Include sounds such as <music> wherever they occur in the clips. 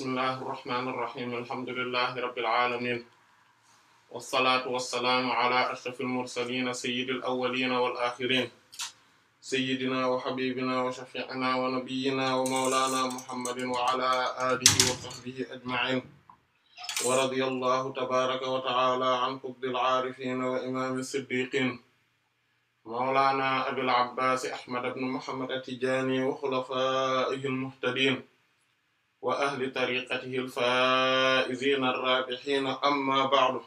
bismillahi irrahmani irrahim alhamdulillahi rabbil alamin wassalaatu wassalaamu ala ashrafil mursalin sayyidil awwalin wal akhirin sayyidina wa habibina wa shafi'ina wa nabiyyina wa mawlana muhammadin wa ala alihi wa sahbihi ajma'in wa radiyallahu tabaraka wa ta'ala an qutbil aarifin wa imam siddiqin mawlana abil abbas ahmad ibn muhammad at-tijani wa khulafaihi al-muhtadin wa ahli tariqatihi al-faa'iziina ar-raabihiina amma ba'du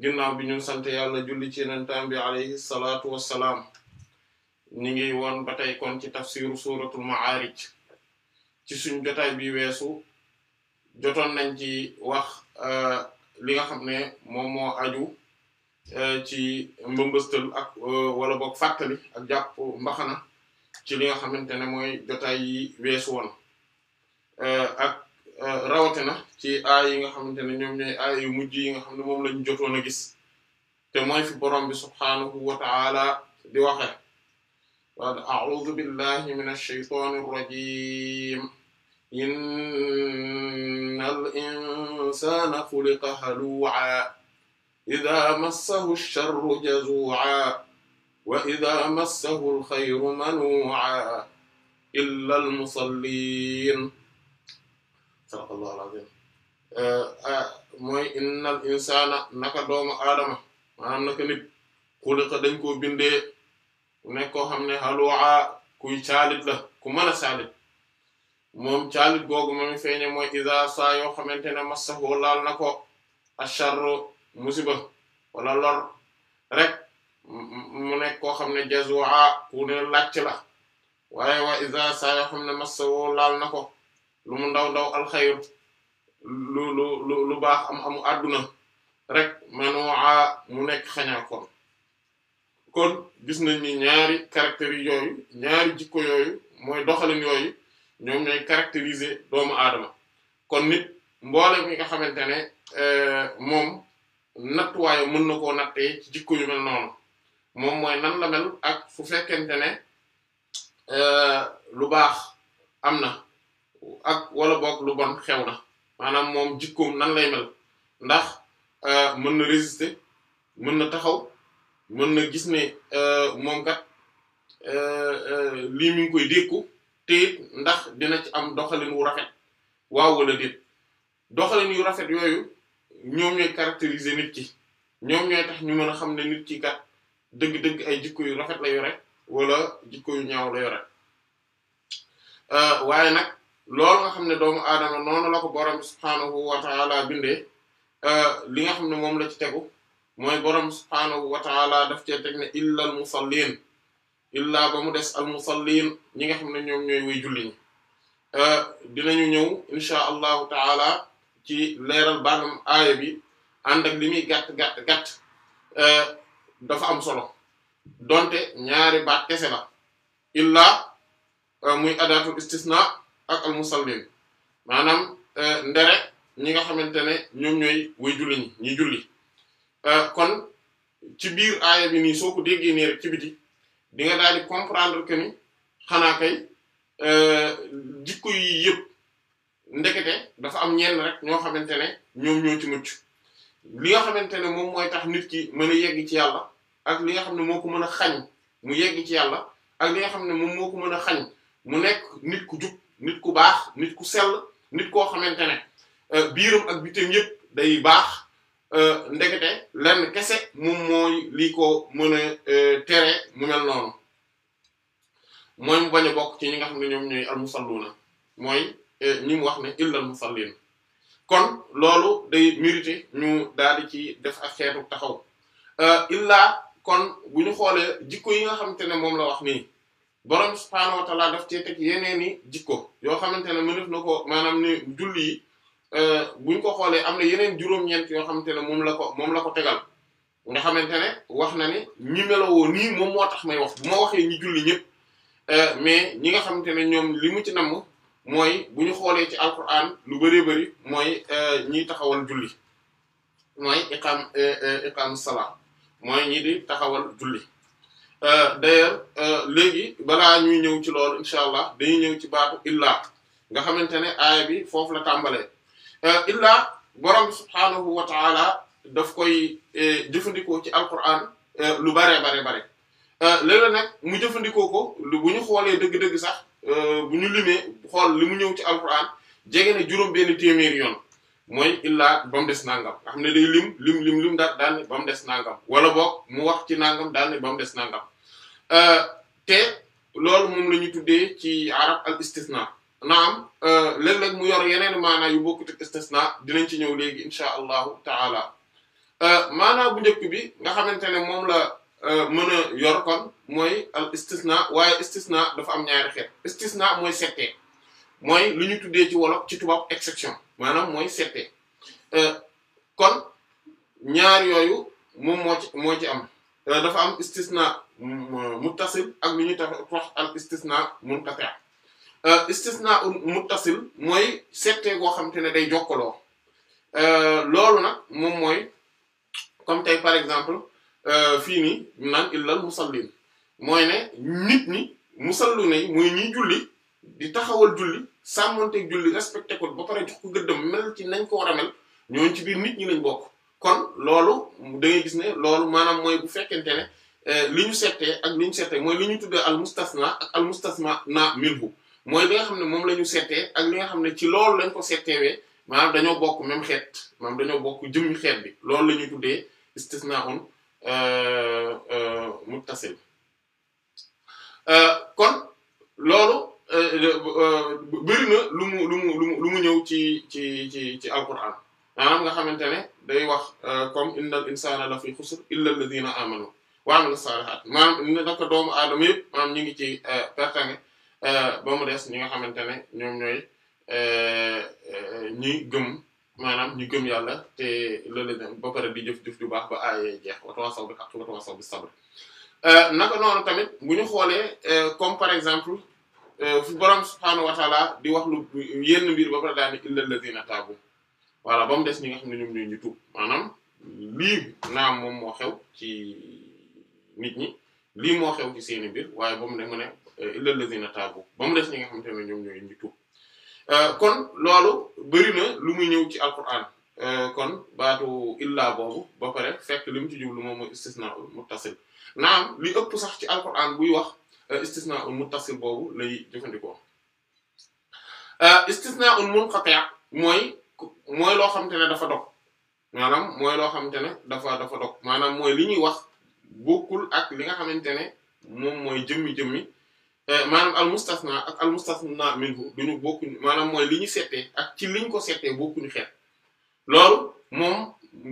ginnaaw bi ñu sant yàlla julli ci nantaam bi alayhi salaatu wassalaam ñi ngi woon ba tey kon ci tafsiru suuratul ma'aarij ci suñ jotaay bi weesu jotoon nañ ci wax euh, li nga xam ne moom moo aju euh, ci mbëmbëstal ak euh, wala boog fàttali ak jàpp mbaxana ci li nga xamante ne mooy jotaay yi weesu Eh, ak eh, rawatina ci aay yi nga xamante ne ñoom ñooy aay yu mujj yi nga xam ne moom lañu jotoon a gis te mooy fi borom bi subhaanahu wa ta'ala di waxe wa a'uudu billahi minash shaytaanir rajiim innal insaana xuliqa haluu'an idaa massahu ash-sharru jazuu'an wa idaa massahu al-xayru manuu'an illal musalliin sadaqallahu alazim eh, ah, mooy innal insana naka doomu aadama maanaam naka nit xuliqa dañ koo bindee nekk koo xam ne halu'a kuy caalit la ku mën a caalit moom caalit googu ma mi feeñe mooy iza saa yoo xamante ne massahu laal na ko asharru musiba wala lor rek mu nekk koo xam ne jazua ku ne la waaye wa iza saa xam ne massahu laal na ko lu mu ndaw ndaw alxayr lu lu lu lu baax am amu àdduna rek manua mu nekk xañaakoon kon gis nañ ni ñaari caractères yooyu ñaari jikko yooyu mooy doxalin yooyu ñoom ñooy caractériser doomu aadama kon nit mboole mi nga xamante ne euh, moom nattuwaayo mën na koo nattee ci jikko yu mel noonu moom mooy nan la mel ak fu fekkente ne euh, lu baax am na ak wala boog lu bon xew na maanaam moom jikkoom nan lay mel ndax euh, mën na résister mën na taxaw mën na gis ne euh, moom kat euh, lii mi ngi koy dékku te ndax dina ci am doxalin wu rafet waaw wala déet doxalin yu rafet yooyu ñoom ñooy caractériser nit ki ñoom ñooy tax ñu mën a xam ne nit ki kat dëgg-dëgg ay jikko yu rafet la yore wala jikko yu ñaaw la yore waaye nag lool nga xam ne doomu aadama noonu la ko borom subhaanahu wa ta'ala bindee euh, li nga xam ne moom la ci tegu mooy borom subhaanahu wa ta'ala daf cee teg ne illa al musallin illa ba mu des al musallin ñi nga xam ne ñoom ñooy way julli euh, dinañu ñëw insha allahu ta'ala ci leeral baanam aaya bi ànd li muy gàtt gàtt gàtt euh, dafa am solo donte ñaari baat kese la ila muy adaatul istisna ak al musallin maanaam euh, ndere ñi nga xamante ne ñoom ñooy way julli ñi ñi julli euh, kon ci biir aaya bi nii soo ko déggee nii rek ci biti di nga daal di comprendre que ni xanaa kay euh, jikko yi yëpp ndekete dafa am ñenn rek ñoo xamante ne ñoom ñoo ci mucc li nga xamante ne moom mooy tax nit ki mën a yegg ci yàlla ak li nga xam ne moo ko mën a xañ mu yegg ci yàlla ak li nga xam ne moom moo ko mën a xañ mu nekk nit ku jub nit ku baax nit ku sell nit koo xamante ne euh, biiram ak bitam yëpp day baax euh, ndekete lenn kese moom mooy lii ko mën a euh, tere mu mel noonu mooy mu bañ bokk ci ñi nga xam ne ñoom ñooy almusalluuna mooy ñi mu wax ne illal musallin kon loolu day mérité ñu daal di ci def ak xeetu taxaw illaa kon bu ñu xoolee jikko yi nga xam te ne moom la wax nii borom subhaanahu wa taala daf cee teg yeneen i jikko yoo xamante ne mënef na ko maanaam ne julli yi euh, buñ ko xoolee am na yeneen juróom-ñeent yoo xamante ne moom la moom la ko tegal nga xamante ne wax na ni ñi melowoo nii moom moo tax may wax bu ma waxee ñi julli ñëpp euh, mais ñi nga xamante ne ñoom limu ci namm mooy bu ñu xoolee ci alquran lu bëree bëri mooy euh, ñiy taxawal julli mooy iqam iqam sala mooy ñi di taxawal julli Euh, d'ailleurs euh, léegi balaa ñuy ñëw ci loolu incha allah dañuy ñëw ci baatu illaa nga xamante ne aaya bi foofu la tàmbalee euh, illa borom subhaanahu wa taala daf koy jëfandikoo ci alquran lu bare bare bare léeg-léeg nag mu jëfandikoo ko bu ñu xoolee dëgg-dëgg sax bu ñu limee xool li mu ñëw ci alquran jege na juróom benn téeméeri yoon mooy illaa ba des nangam nga xam ne day lim lim lim lim daal daal ne ba mu des nangam wala boog mu wax ci nangam daal ne ba des nangam Euh, te loolu moom lu ñu tuddee ci arab al istisna naam euh, léeg-léeg mu yor yeneen maana yu bokkut ak istisna dinañ ci ñëw léegi insha allahu taala euh, maanaa bu njëkk bi nga xamante ne moom la mën a yor kon mooy al istisna waaye istisna dafa am ñaari xeet istisna mooy sette mooy lu ñu tuddee ci wolof ci tubaab exception maanaam mooy sette kon ñaar yooyu moom moo ci am dafa am istisna muttasil ak li ñuy tax wax al istisna munqati euh, istisna muttasil mooy settee goo xam te ne day jokkaloo euh, loolu na moom mooy comme tey par exemple euh, fii nii naan illal musallin mooy ne nit ñi musallu ne muy ñiy julli di taxawal julli sàmmonteeg julli respecté ko ba pare jox ko mel ci nañ ko war a ci biir nit ñi lañ bokk kon loolu da gis ne loolu maanaam mooy bu fekkente ne Euh, li ñu settee ak li ñu settee mooy li ñu tuddee al mustasna ak al mustasna na minhu mooy li nga xam ne moom lañu ñu ak li nga xam ne ci loolu lañ ko setteewee maanaam dañoo bokk même xeet maanaam dañoo bokk jëmmi xeet bi loolu la ñuy tuddee istisnaun euh, euh, muttasil kon loolu bëri na lu mu lu mu lu mu ñëw ci ci ci ci alquran maanaam nga xamante ne day wax comme innal insana la fi xusr illa alladhina amanu wa amilu saalihaat maanaam naka doomu aadama yëpp maanaam ñu ngi ci euh, pertange euh, ba mu des ñi nga xamante ne ñoom ñooy euh, ñi gëm maanaam ñu gëm yàlla te loolu la ba pare di jëf baax ba aayee jeex wa tawaasaw tamit bu ñu xoolee comme par exemple fu borom subhaanahu wa di wax lu yenn mbir ba pare daal ni illal ñu tuub maanaam moom moo xew ci. nit ñi lii moo xew ci seeni biir waaye ba mu ne mu ne euh, illal lazina taabu ba mu des ñi nga xamante ne ñoom ñooy indi tuub euh, kon loolu bëri na lu muy ñëw ci alquran euh, kon baatu illa boobu ba pare fekk li mu ci jublu lu mooy istisna ul muttasil naam li ëpp sax ci alquran buy wax istisna mu muttasil boobu lay jëfandikoo istisna ul munqati mooy mooy loo xamante ne dafa dog maanaam mooy loo xamante ne dafa dafa dog maanaam mooy li ñuy wax bokkul ak li nga xamante ne moom mooy jëmmi jëmmi eh, maanaam al mustasna ak al mustasna minhu duñu bokkuñu maanaam mooy li ñu settee ak ci liñ ko settee bokkuñu xeet lool moom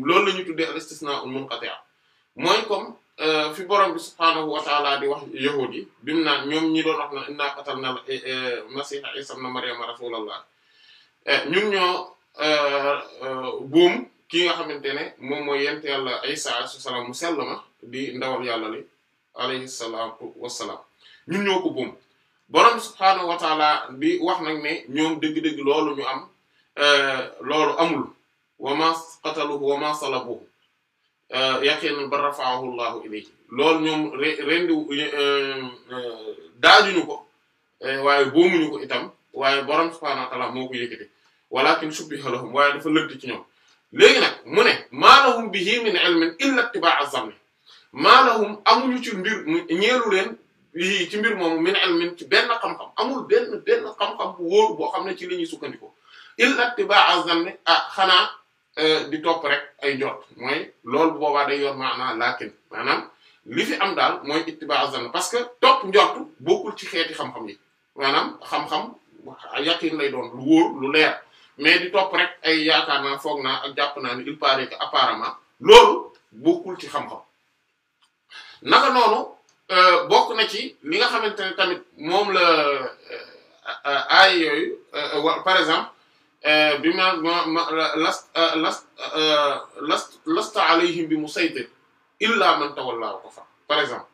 loolu la ñu tuddee al istisna al munqati' mooy comme eh, fi borom bi subhaanahu wa taala di wax yahuud yi bi mu naan ñoom ñi doon wax na inna qatalna eh, masiha isa ibn maryama laa ñun ñoo buum ki nga xamante ne moom mooy yent yàlla Isa alayhi salaam mu sell ma di ndawal yàlla li alayhi salaatu wassalaam ñun ñoo ko boom borom subhaanahu wa taala wax nag ne ñoom dëgg-dëgg loolu ñu am eh, loolu amul wa ma qataluhu wa ma salabuhu eh, yaqinan bal rafa'ahu loolu ñoom rendi eh, daajuñu ko waaye boomuñu ko itam waaye borom subhaanahu wa taala moo ko yëkkati walakin shubbiha lahum waaye dafa lënt ci ñoom léegi nag mu ne maalahum bihi min ilmin illa ittibaa'a zanni maalahum amuñu ci mbir ñeelu leen lii ci mbir moom min ilmin ci benn xam-xam amul benn benn xam-xam bu wóor xam ne ci li ñuy sukkandiku illa ittibaa'a zanni ah xanaa euh, di topp rek ay jot mooy loolu bu boobaa day yor maanaam laakin maanaam li am daal mooy ittibaa'a zanni parce que topp njort bokkul ci xeeti xam-xam yi maanaam xam-xam yaqin lay doon lu wóor lu leer. mais di topp rek ay yaakaar naa foog naa ak jàpp naa ni il paraît que apparemment loolu bokkul ci xam-xam naka noonu euh, bokk na ci li nga xamante ne tamit moom la euh, euh, ay yooyu par exemple bi ma ma last last last lasta alayhim bi musaytir illa man tawalla ko fa par exemple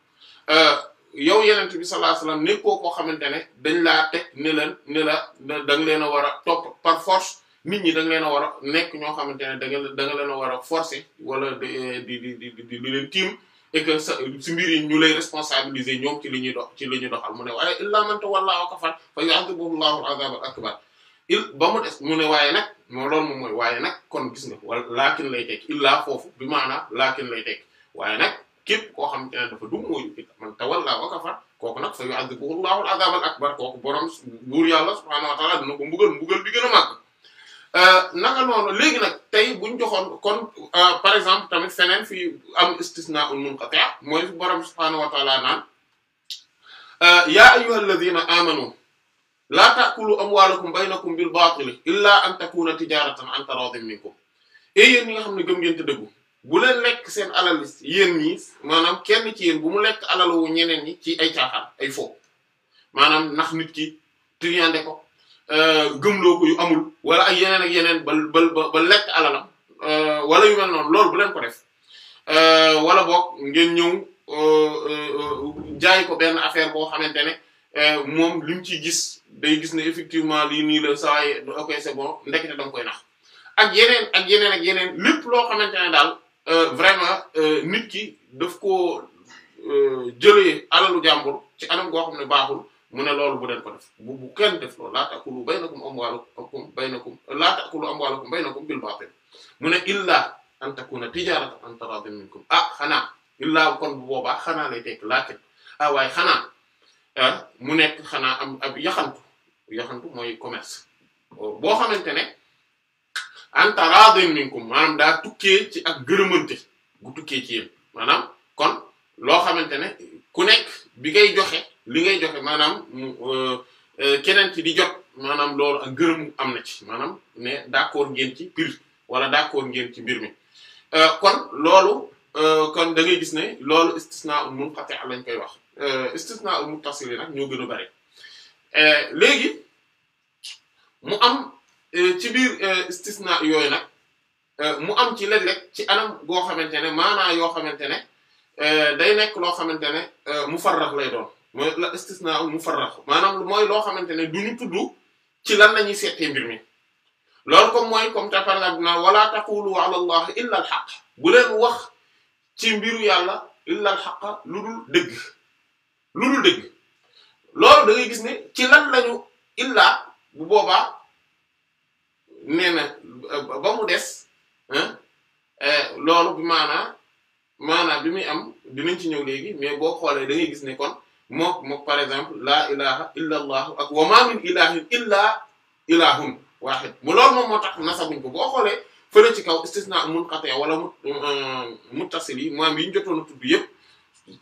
yow yenent bi sallallahu alayhi wasallam nekkoo koo xamante ne dañ laa teg ni leen ne la da nga leen a war a topp par force nit ñi da nga leen a war a nekk ñoo xamante ne da nga leen a war a forcer wala di di di di leen tiim et que si mbir yi ñu lay responsabiliser ñoom ci li ñuy dox ci li ñuy doxal mu ne waaye illaa man tawallaa wa kafar fa yu'adhibuhu Allahu al-'adhaab al-akbar il ba mu des mu ne waaye nag moo loolu moom mooy waaye nag kon gis nga wala laakin lay tekk illaa foofu bi maanaam laakin lay tekk waaye nag képp koo xam te ne dafa dum mooy man tawalla wa kafa kooku nag fa yu'adhibuhu Allahu al-'adhab al-akbar kooku borom buur yàlla subhaanahu wa ta'aala dina ko mbugal mbugal bi gën a màgg euh, naka noonu léegi nag tey buñ joxoon kon euh, par exemple tamit feneen fi am istisna'ul munqati' mooy borom subhaanahu wa ta'aala naan euh, yaa ayyuhal ladhiina aamanu laa ta'kulu amwaalakum baynakum bil baatili illaa an takuuna tijaaratan an taraadin minkum yéen ñi nga xam ne gëm ngeen te dëggu bu leen lekk seen alal yéen ñi maanaam kenn ci yéen bu mu lekk alalu ñeneen ñi ci ay caaxaan ay fo maanaam ndax nit ki triande ko euh, gëmloo ko amul wala ay yeneen ak yeneen ba ba lekk alalam euh, wala yu mel noonu loolu bu leen ko def euh, wala boog ngeen ñëw jaay ko benn affaire boo xamante ne moom li mu ciy gis day gis ne effectivement li nii la saa yi ok c'est bon ndekete da koy nax ak yeneen ak yeneen ak yeneen lépp loo xamante ne daal. Euh, vraiment euh, nit ki daf koo euh, jëlee alalu jàmbur ci anam goo xam ne baaxul mu ne loolu bu den ko def bu bu kenn def loolu laa ta'kulu baynakum amwaalakum baynakum laa ta'kulu amwaalakum baynakum bil baatil mu ne illaa an takuna tijaaratan an taraadin minkum ah xanaa illaa kon bu boobaa xanaa lay tekk laakin ah xanaa ah, mu nekk xanaa ab yaxantu yaxantu mooy commerce boo xamante ne. anta radin minkum maanaam daa tukkee ci ak gërëmante gu tukkee ci yéen maanaam kon loo xamante ne ku nekk bi ngay joxe li ngay joxe maanaam euh, euh, keneen ci di jot maanaam loolu ak gërëm am na ci maanaam ne d'accord ngeen ci biir wala d'accord ngeen ci mbir mi euh, kon loolu kon dangay gis ne loolu istisna ul munqati lañ koy wax istisna ul muttasil yi nag ñoo gën a bari léegi mu am Euh, ci biir euh, istisna yooyu nag euh, mu am ci léeg-léeg ci anam goo xamante ne maanaa yoo xamante ne day nekk loo xamante ne mufarrax lay doon mooy la istisna mufarrax maanaam mooy loo xamante ne du ñu tudd ci lan lañuy ñuy seetee mbir mi loolu comme mooy comme taparlab na wala taqulu ala illa al bu leen wax ci mbiru yàlla illa al lu dul dëgg lu dul gis ni ci lan lañu illa bu boobaa nee na ba mu des eh, loolu bi maana maanaa bi muy am bi dinañ ci ñëw léegi mais boo xoolee dañuy gis ne kon mook mook par exemple laa ilaha illa allahu ak wa illa ilahun wahid mu loolu moom moo tax nasabuñ ko boo xoolee fële ci kaw istisna munqati wala euh, muttasil mu maam yi ñu jotoon a tudd yépp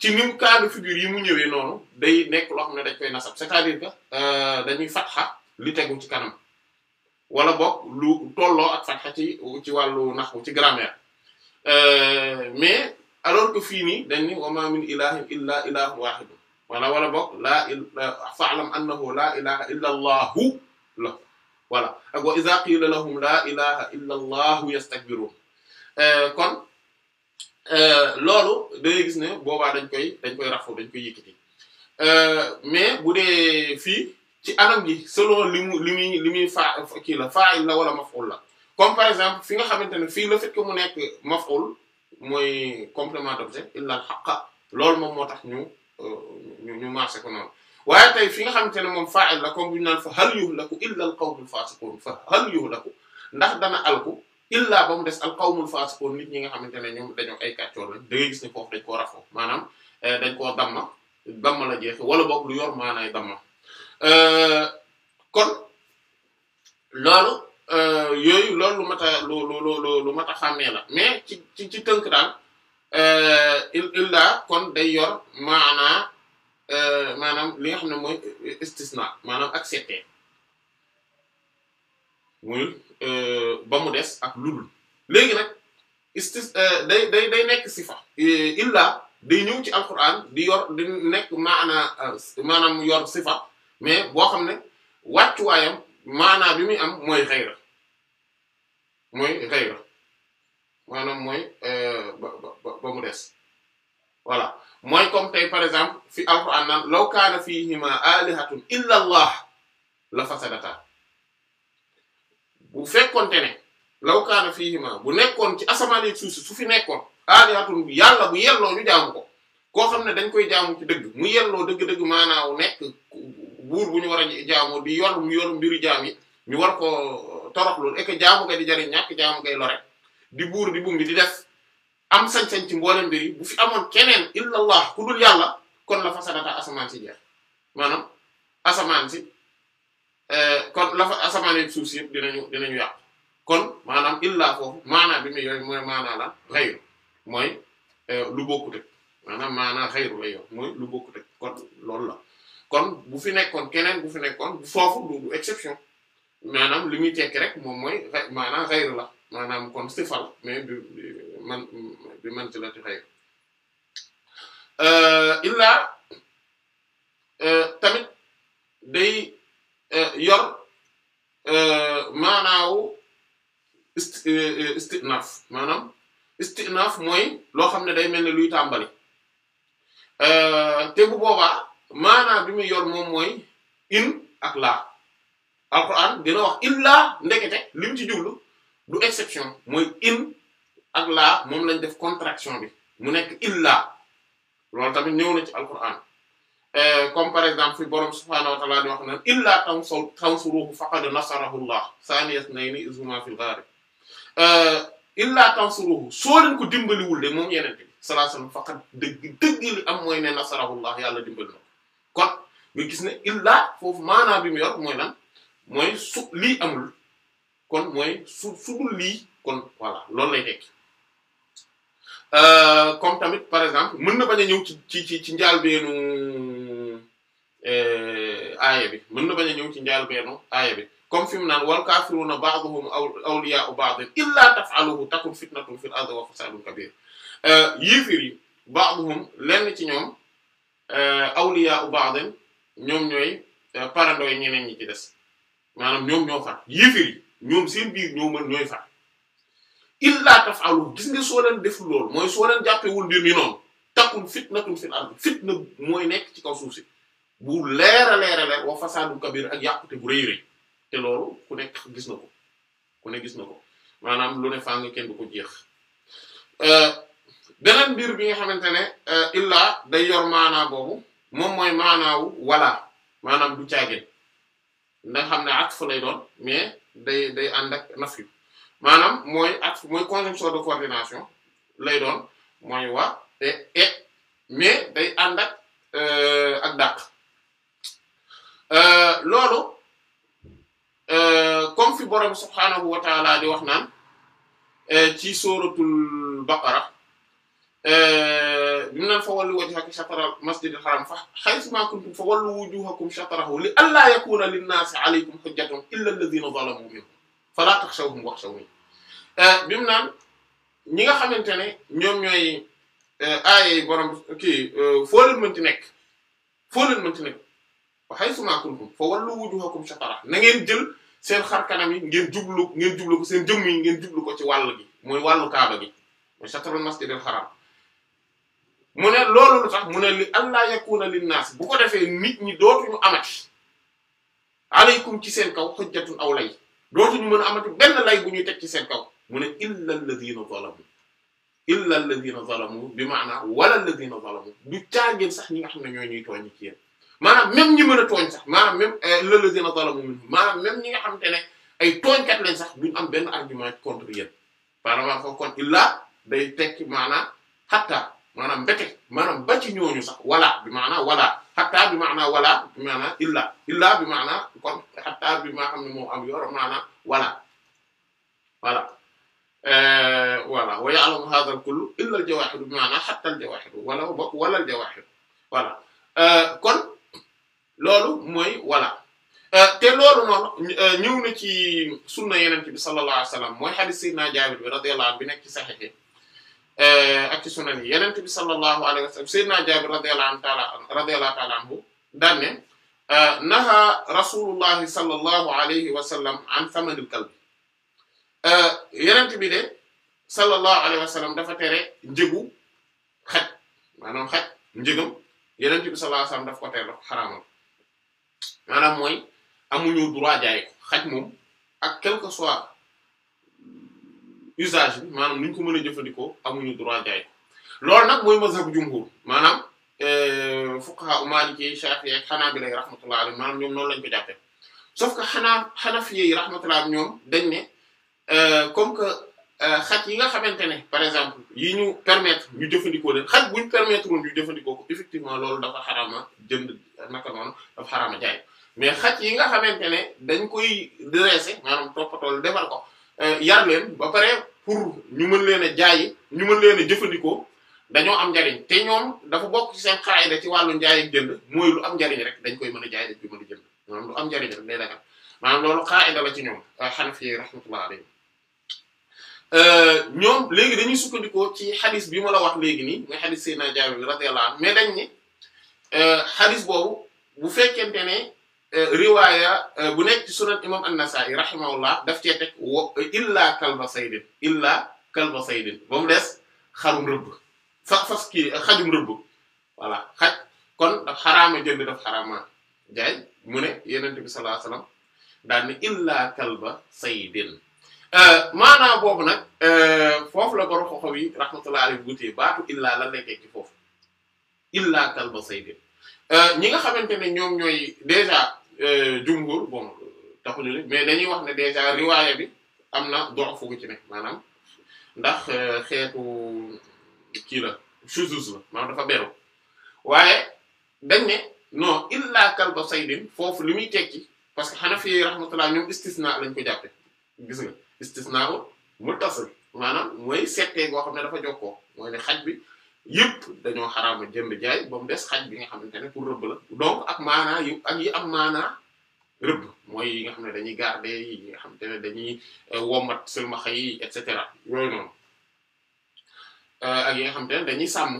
ci ni mu cas yi mu ñëwee noonu day nekk loo xam ne dañ koy nasab c'est-à-dire que euh, dañuy fatxa li tegu ci kanam wala bokk lu tolloo ak fatxa ci ci wàllu naxwu ci grammaire euh, mais alors que fi nii dañ ni wa ma min ilahin illa ilahun wahidun wala wala bokk laa fa'lam annahu la ilaha illa allahu la voilà ak wa qila lahum la ilaha illa allahu yastakbirun euh, kon euh, loolu da ngay gis ne boobaa dañ koy dañ koy dañ koy yëkkati mais bu dee fii ci anam yi selon li mu li muy li muy faa kii la fa'il la wala maf'ul la comme par exemple fi nga xamante ne fii la fekk mu nekk maf'ul mooy complément d'objet illa al-haqqa loolu moom moo tax ñu euh, ñu ñu marché ko noonu waaye tey fi nga ne moom fa'il la comme bu ñu naan fa hal yuhlaku illa al-qawmul fasiqun fa hal yuhlaku ndax dana alku illa ba mu des al-qawmul fasiqun nit ñi nga xamante ne ñoom dañoo ay kàccoor lañ da ngay gis ne foofu dañ koo rafoo maanaam eh, dañ koo damma damma la jeexee wala boog lu yor maanaay damma. Euh, kon loolu euh, yooyu loolu lu mat a lu lu lu lu mat a xàmmee la mais ci ci ci tënk daal euh, illa kon day yor maanaa maanaam li nga xam ne mooy istisna maanaam accepté muy ba mu des ak ludul léegi na istis day day day nekk sifa illa day ñëw ci alquran di yor di nekk maanaa maanaam yor sifa mais boo xam ne wàccuwaayam maanaa bi muy am mooy xëy na mooy xëy maanaam mooy euh, ba ba ba mu des voilà mooy comme par exemple fi alquran naan law kaana fihima alihatun illa allah la fasadata bu fekkonte ne law kaana fihima bu nekkoon ci asamaan ak si su fi nekkoon alihatun bi yàlla bu yelloo ñu jaamu ko koo xam ne dañ koy jaamu ci dëgg mu yelloo dëgg-dëgg maanaaw nekk buur bu ñu war a jaamoo di yor mu mbiru jaam yi ñu war ko toroxlu et que jaamu kay di jariñ ñàkk jaamu kay lore di buur di bum bi di def am sañ-sañ ci mboolem mbir bu fi amoon keneen illallah ku dul kon la fasadata si maanaam asamaan si euh, kon la asamaan yëpp suuf si kon maanaam illa foofu maanaa bi mu yooyu mooy maanaa la xayru mooy euh, lu bokkute maanaam xayru la yor mooy lu kon loolu la kon bu fi nekkoon keneen bu fi nekkoon foofu du exception maanaam li muy tekki rek moom mooy maanaam xayru la maanaam kon sifa la mais du man bi man ci la ci xayru euh, euh, tamit day euh, yor maanaawu istinaaf maanaam istinaaf mooy loo xam ne day mel ne luy tàmbali te bu boobaa maanaam bi muy yor moom mooy in ak laa alquran dina wax illaa ndekete lim ci jublu du exception mooy in ak laa moom lañ def contraction bi mu nekk illaa loolu tamit ñëw na ci alquran eh, comme par exemple fi borom subhaanahu wa ta'aala di wax naan illaa tansu tansuruhu faqad nasarahu llah saaniya isnayni iz humaa fil ghaar eh, illaa tansuruhu soo leen ko dimbaliwul de moom yeneen bi sallallahu alayhi dëgg dëgg li am mooy ne nasarahu llah yàlla dimbali kon nga gis ne illa foofu maanaam bi mu yor mooy lan mooy su lii amul kon mooy su sudul lii kon voilà loolu lay tekki euh, comme tamit par exemple mën na bañ a ñëw ci ci ci ci njaalbeenu euh, aaya bi mën na bañ a ñëw ci njaalbeenu aaya bi comme fi mu naan wal kaafiruuna ba'duhum awliyaa'u ba'din illa taf'aluhu takun fitnatun fil ardi wa fasadun euh, ci ñoom Euh, awliya u ba'dhum ñoom ñooy euh, parandoo yi ñeneen ñi ci des maanaam ñoom ñoo far yéefar yi ñoom seen biir ñoo mën ñooy far illa taf'alu gis nga soo leen deful lool mooy soo leen jàppewul mbir mi noonu takun fitnatun fil ard fitna mooy nekk ci kaw suuf si bu leer a leer a leer wa kabir ak yàqute bu rëy rëy te loolu ku nekk gis na ko ku ne gis na ko maanaam lu ne faa kenn du ko jeex. Euh, beneen mbir bi nga xamante ne euh, illaa day yor maanaa boobu moom mooy maanaawu wala maanaam du caagin nga xam ne atf lay doon mais day day ànd ak naf yu maanaam mooy atf mooy conjonction de coordination lay doon mooy wa et et mais day ànd ak euh, ak dàq euh, loolu comme fi borom subhaanahu wa taala di wax naan ci sóoratul baqara bi euh, mu naan fa wallu wajhaka shatral masjidil haram fa haythu ma kuntum fa wallu wujuhakum shatrahu li alla yakuna lin-nasi alaykum hujjatun illa alladhina zalamu minhum fala takhshawhum wakhshawni euh, bi mu naan ñi nga xamante ne ñoom ñooy euh, ay borom kii foo leen mënti nekk foo leen mënti nekk fa haythu ma kuntum fa wallu wujuhakum shatrahu na ngeen jël seen xar kanam yi ngeen jublu ngeen jublu ko seen jëmm yi ngeen jublu ko ci wàll gi mooy wàllu kaaba gi mooy shatrul masjidil haram mu ne loolu lu mu ne li allah yakuna linnaas bu ko defee nit ñi dootuñu amati aleykum ci seen kaw xujjatun aw lay ñu mën a amati benn lay bu ñuy teg ci seen kaw mu ne illa alladhina zalamu illa alladhina zalamu bi maana wala alladhina zalamu du caageen sax ñi nga xam ne ñoo ñuy tooñ ci maanaam même ñi mën a tooñ sax maanaam même eh, alladhina zalamu min maanaam même ñi nga xam te ne ay tooñkat lañ sax duñ am benn argument contre yéen par rapport kon illa day tekki maanaam hatta maanaam mbete maanaam ba ci ñooñu sax wala bi maanaa wala xataa bi maanaa wala bi maanaa illa illa bi maanaa kon xataa bi maa xam ne moo am yor maanaa wala wala voilà eh, wa ya'lamu hadha al kullu illa al jawahir bi maanaa hatta al jawahir wala bokk wala al jawahir voilà eh, kon loolu mooy wala eh, te loolu noonu ñëw na ci sunna yeneen bi sallallahu alayhi wasallam mooy hadith sayyidina Jaabir bi radiyallahu anhu bi nekk ci sahih Eh, ak ci sunan yi yeneen bi sallallahu alayhi wa sallam sayyidina Jaabir radiyallahu ta'ala radiyallahu ta'ala eh, naha rasulullahi sallallahu alayhi wa sallam an thamanil kalb eh, yeneen bi de sallallahu alayhi wa sallam dafa tere njëgu xaj maanaam xaj njëgam yeneen bi sallallahu alayhi wa sallam daf ko tere daf ko xaraamal maanaam mooy droit jaay ko moom ak quelque soit. usage bi maanaam ni ñu ko mën a jëfandikoo amuñu droit jaay ko loolu nag mooy mazhabu jumhur maanaam euh, fuqaha maliki shafi'i ak hanabila rahmatullah alayhim maanaam ñoom noonu lañ ko jàppee sauf que xanaa hanafi yi rahmatullah ñoom dañ ne euh, comme que euh, xaj yi nga xamante ne par exemple yi ñu permettre ñu jëfandikoo leen xaj buñ permettre woon ñu jëfandikoo effectivement loolu dafa xaraama jënd naka noonu dafa xaraama jaay mais xaj yi nga xamante ne dañ koy dresser maanaam toppatoo defal ko Euh, yar leen ba pare pour ñu mën leen a jaayi ñu mën leen a jëfandikoo dañoo am njariñ te ñoom dafa bokk ci seen xaayda ci wàllu njaay ak jënd mooy lu am njariñ rek dañ koy mën a jaay dañ koy mën a jënd lu am njariñ rek day dagal maanaam loolu xaayda ci ñoom euh, Hanafi rahmatullah alayhi euh, ñoom léegi dañuy sukkandikoo ci xadis bi ma la wax léegi nii mooy xadis Seydina Jaabir radiyallahu anhu mais dañ ne xadis boobu bu fekkente ne Euh, riwaaya euh, bu nekk ci sunan imam an-Nasa'i rahimahullah daf cee teg wo illaa kalba saydin illaa kalba saydin ba mu des xarum rëbb fa fas kii xajum rëbb voilà xaj kon daf xaraama jënd daf xaraama jaay mu ne yenente bi sallallahu alayhi wasallam ne illaa kalba saydin euh, maanaam boobu nag foofu la boro xoxow yi rahmatullahi alayhi wutee baatu illaa lan lay teg kalba saydin ñi nga xamante ñoom ñooy déjà Euh, jumhur bon taxuñu ne mais dañuy wax ne déjà riwaaya bi am na dox fu ci ne maanaam ndax euh, xeetu kii la shuzuz la maanaam dafa beru waaye dañ ne non illa kalba saydin foofu li muy tekki parce que Hanafi yi rahmatullah ñoom istisna lañ ko jàppe gis nga istisna muttasil maanaam mooy settee goo xam ne dafa jokkoo mooy ne xaj bi yëpp dañoo xaraama jënd jaay ba mu xaaj xaj bi nga xamante ne pour rëbb la donc ak maanaa yu ak yi am maanaa rëbb mooy nga xam ne dañuy garder yi nga xamante ne dañuy euh, womat silmaxa yi et cetera yooyu euh, yi nga xamante ne dañuy sàmm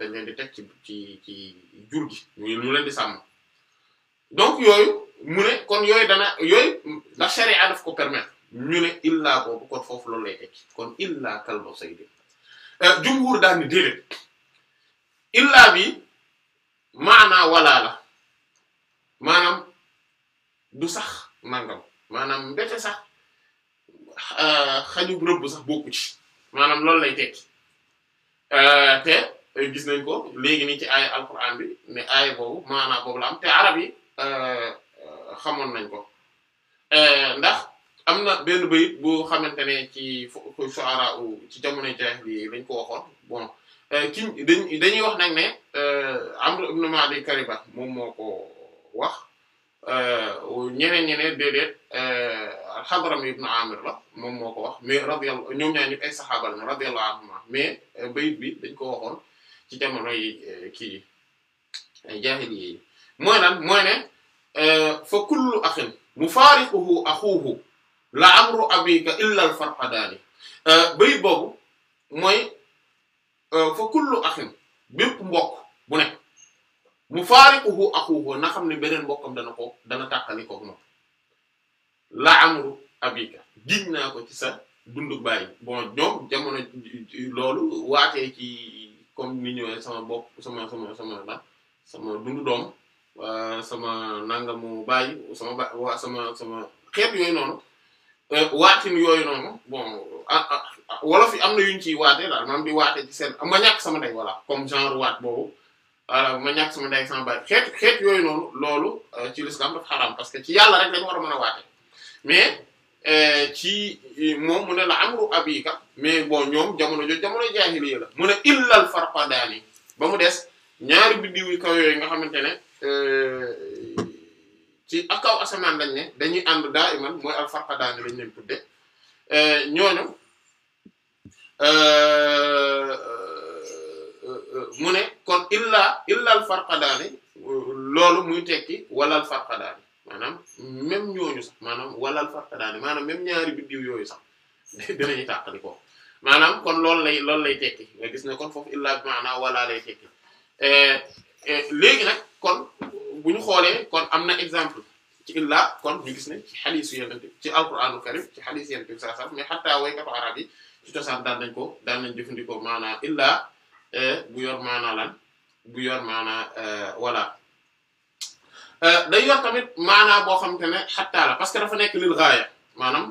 dañ leen di teg ci ci ci jur gi ñu leen di sàmm donc yooyu mu ne kon yooyu dana yooyu la charia daf ko permettre ñu ne illa boobu kon foofu loolu lay kon illa kalbu saydin Eh, jumhur daal ni déedéet illaa bi maanaa walaa la maanaam du sax nangam maanaam mbete sax eh, xañub rëbb sax bokku ci maanaam loolu lay tekki eh, te gis nañ ko léegi nii ci aaya alquran bi ne aaya boobu maanaa boobu la te arab yi xamoon nañ ko ndax am na benn bayit boo xamante ne ci suara ci jamono jaahiliya lañ ko waxoon bon ki euh, dañ dañuy wax nag ne euh, Amr ibn Ma'di Kariba moom moo ko wax euh, ñeneen ñeneen déedéet al-Hadrami ibn Amir la moom moo ko wax mais radiyallahu ñoom ñaar ñëpp ay saxaaba la mais bayit bi dañ ko waxoon ci jamono yi kii jaahiliya yi mooy lan mooy ne fa kullu axin mufaariquhu axuuhu la amru abika illa al farhadaani euh, bayit boobu mooy euh, fa kullu axin bépp mbokk bu ne mu faariquhu axuhu na xam ne beneen mbokkam dana ko dana tàqali koog moom la amru abika giñ naa ko ci sa dundu bàyyi bon ñoom jamono loolu waatee ci comme ni ñëwee sama bopp sama sama sama la sama dundu doom sama mu bàyyi sama ba sama sama xeet yooyu noonu Euh, waatin yooyu noonu bon ah, ah, ah, wolof yi am na yuñ ciy waatee daal maanaam di waate ci seen ma ñàkk sama ndey voilà comme genre waat boobu voilà euh, ma ñàkk sama ndey sama baay xeet yooyu noonu loolu euh, ci l'islam dafa xaraam parce que ci yàlla rek lañu war a mën a waate mais ci moom mu ne la amru abika mais boo ñoom jamono jo jamono jaahiliya la mu ne illal farqadaani ba mu des ñaari biddiw yu yooyu nga xamante ne ci akaw asamaan lañ ne dañuy ànd daa iman mooy alfarqadaani lañ leen tudde eh, ñooñu eh, eh, mu ne kon loolu muy tekki walal farqadaani maanaam même ñooñu sax maanaam walal farqadaani maanaam même ñaari biddiw yooyu sax <laughs> dinañu tàqali ko maanaam kon loolu lay loolu lay tekki nga gis ne kon foofu illaa bi maanaam tekki léegi nag kon bu ñu xoolee kon am na exemple ci illa kon ñu gis ne ci xadiisu Yonent bi ci alquraanul karim ci xadiisu Yonent bi saa saa mais xataa woykatu arab yi ci cosaan daan nañ ko daan nañ jëfandikoo maana illa eh, bu yor maanaa lan bu yor maanaa eh, wala eh, day yor tamit maanaa boo xamante ne xataa parce que dafa nekk lil gaaya maanaam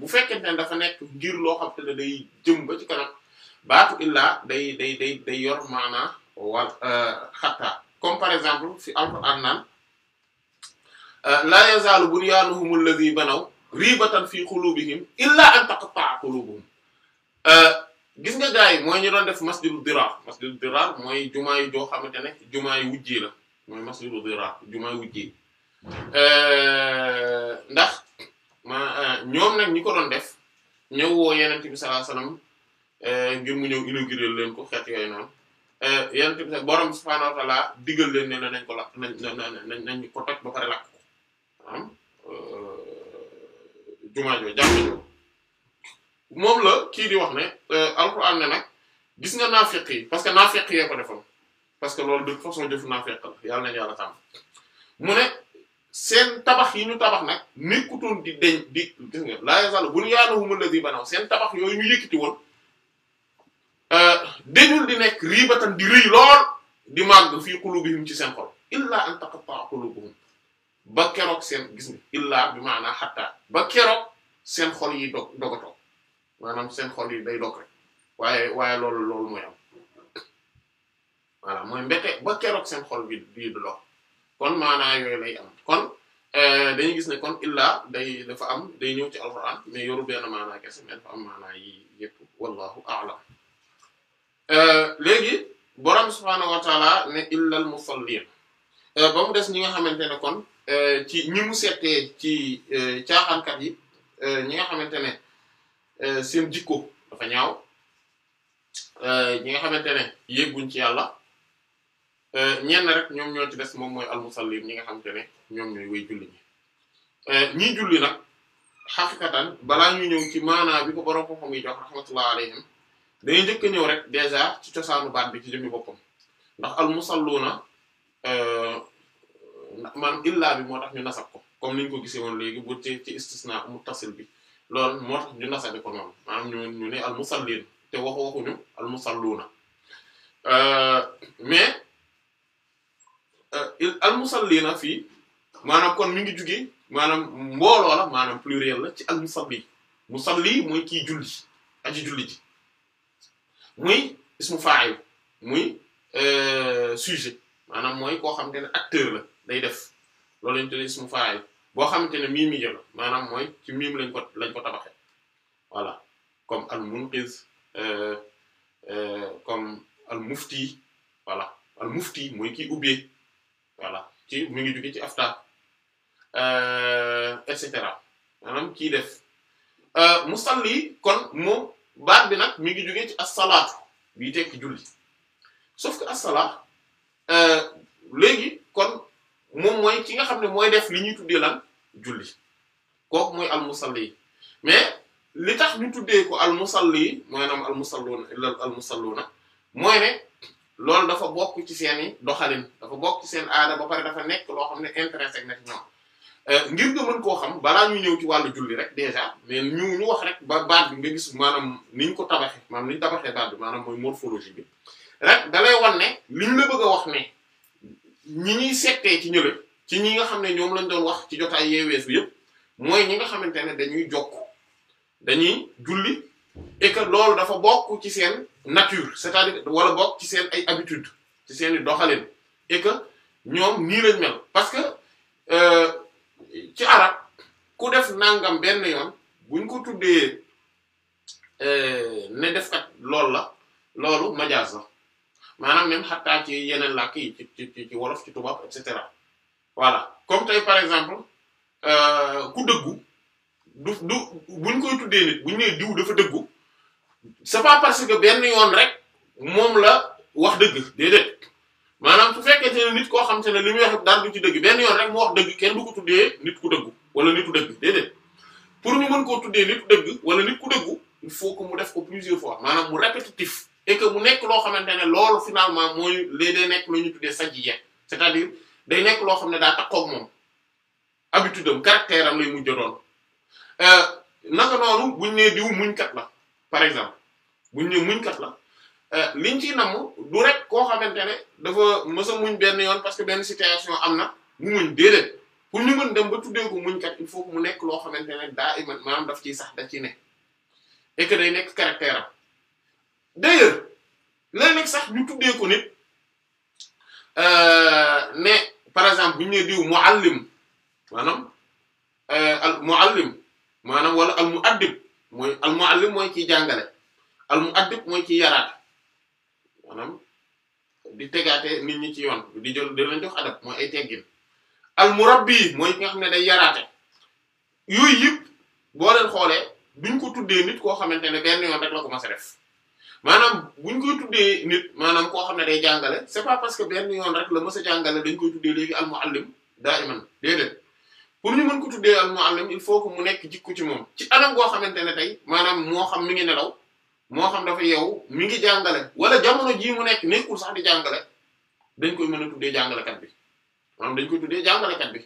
bu fekkente ne dafa nekk ngir loo xam day illa day day day day yor maanaa xataa comme par exemple fi alquran naan euh, laa yazaalu bunyaanuhum alladhi banaw ribatan fi qulubihim illa an taqta'a qulubuhum euh, gis nga gars yi mooy ñu doon def masjidu dirar masjidu dirar mooy jumaa yi joo xamante ne jumaa yi wujji la mooy masjidu dirar jumaa yi wujji euh, ndax ma ñoom nag ñi ko doon def ñëw woo yeneen bi sallallahu alayhi wasallam ngir mu ñëw inauguré leen ko xeet yooyu noonu Eh, yonent bi ne borom subhaanahu wa ta'aala digal leen ne nañ ko ko lakk ko maanaam eh, jumaa joo jàmm joo moom la kii di wax ne eh, alxuraan ne nag gis nga naafiq yi parce que naafiq yee ko defal parce que loolu de façon jëfu naafiq la yàlla nañu yàlla tàmm mu ne seen tabax yi ñu tabax nag nekkutoon di deñ di gis nga laa yazaalu bunyaanuhum alladhii banaw seen tabax yooyu ñu yëkkati woon. dañul di nekk riibatan di rëy lool di màgg fii qulubihim ci seen xol illaa an taqatta'a qulubuhum ba keroog seen gis nga illaa seen xol yi dog dogatoo maanaam seen xol yi day dog rek waaye waaye loolu loolu mooy ba keroog seen xol bi di dox kon maanaa euh, dañuy gis ne kon illaa day dafa am day ñëw ci alxuraan mais yoru benn maanaa kese mais dafa am maanaa yi yépp wallahu a'lam Euh, léegi borom subhaanahu wa taala ne illal musallin euh, des ñi nga xamante ne kon euh, ci ñi mu ci ci caaxaankat yi ñi nga xamante ne seen jikko dafa ñaaw ñi nga xamante ne yegguñ ci yàlla ñenn rek ñoom ñoo ci des moom mooy almusallin ñi nga xamante ne ñoom ñooy way julli ñi ñii xaqiqatan balaa ñu ñëw ci maanaa bi ko borom xam-xam yi jox rahmatullah dañuy njëkk ñëw rek déjà ci cosaanu baat bi ci jëmmi boppam ndax al musalluuna euh, maanaam illaa bi moo tax ñu nasab ko comme niñ ko gisee woon léegi bu ci ci istisna muttasil bi loolu moo tax ñu nasabi ko noonu maanaam ñu ñu ne al musalliin te waxu waxuñu al musalluuna euh, mais euh, al musalliina fii maanaam kon mu ngi juge maanaam mbooloo la maanaam pluriel la ci al musalli mu ngi kii julli aji julli ji muy ismu fa'il muy euh, sujet maanaam mooy koo xamante ne acteur la day def loolu lañ tuddee ismu fa'il boo xamante ne miim yi la maanaam mooy ci miim lañ ko lañ ko tabaxee voilà comme al munqiz euh, euh, comme al mufti voilà al mufti mooy kii ubbee voilà ci mi ngi jóge ci afta et cetera maanaam kii def musalli kon moom baat bi nag mi ngi jógee ci asalaatu bi tekki julli sauf que asalaat euh, léegi kon moom mooy ki nga xam ne mooy def li ñuy tuddee lan julli kooku mooy almusalli yi mais li tax ñu tuddee ko almusalli yi mooy nam almusalluuna illa almusalluuna mooy ne loolu dafa bokk ci seeni doxalin dafa bokk ci seen aada ba pare dafa nekk loo xam ne intrinsèque na ci ñoom Euh, ngir nga mën koo xam balaa ñu ñëw ci wàllu julli rek déjà mais ñu ñu wax rek ba baat bi nga gis maanaam ni ñu ko tabaxee maanaam ni ñu tabaxee baat bi maanaam mooy morphologie bi rek da lay wan ne li ñu la bëgg a wax ne ñi ñuy settee ci ñële ci ñi nga xam ne ñoom lañ doon wax ci jotaay yeeweesu yëpp mooy ñi nga xamante ne dañuy jokk dañuy julli et que loolu dafa bokk ci seen nature c'est-à-dire wala bokk ci seen ay habitudes ci seen i doxalin et que ñoom nii lañ mel parce que. Euh, ci arab ku def nangam benn yoon buñ ko tuddee eh, ne def kat lool la loolu majaas la maanaam même xattaa ci yeneen làkk yi ci ci ci wolof ci tubaab et cetera voilà comme tey par exemple euh, ku dëggu du du buñ koy tuddee nit buñ nee diw dafa dëggu c'est pas parce que benn yoon rek moom la wax dëgg déedéet maanaam su fekkente ne nit koo xam te ne li muy wax dara du ci dëgg benn yoon rek mu wax dëgg kenn du ko tuddee nit ku dëggu wala nitu dëgg déedéet pour ñu mën koo tuddee nit ku dëgg wala nit ku dëggu il mu def ko plusieurs fois maanaam mu répétitif et que mu nekk loo xamante ne lool finalement mooy léeg day nekk lu ñu tuddee sajjiya c'est-à-dire day nekk loo xam ne daa takkoog moom habitude am caractère am lay mujj doon euh, naka noonu buñ nee diw muñkat la par exemple buñ nee muñkat la Euh, liñ ci namu du rek koo xamante ne dafa mës a muñ benn yoon parce que benn situation am na mu muñ déedéet pour ñu mën dem ba tuddee ko muñ kat il faut mu nekk loo xamante ne daa iman maanaam daf ciy sax da ciy ne day nekk caractère am d'ailleurs lay nekk sax ñu tuddee nit euh, ne par exemple bu ñu diw mu muallim maanaam euh, al muallim maanaam wala al muaddib mooy mooy ciy jàngale al muaddib mooy ciy yaraat maanaam di tegaate nit ñi ci yoon di jël di leen jox adab mooy ay teggin al murabbi mooy ki nga xam ne day yaraate yooyu yëpp boo leen xoolee duñ ko tuddee nit koo xamante ne benn yoon rek la ko mas a def maanaam buñ koy tuddee nit koo xam ne day jàngale c'est pas parce que benn yoon rek la mas a jàngale dañ koy tuddee léegi al muallim daiman déedéet pour ñu mën ko tuddee al muallim il faut que mu nekk jikko ci moom ci anam goo xamante ne tey maanaam moo xam mi ngi nelaw moo xam dafa yeewu mi ngi jàngale wala jamono jii mu nekk nekkul sax di jàngale dañ koy mën a tuddee jàngalekat bi maanaam dañ koy tuddee jàngalekat bi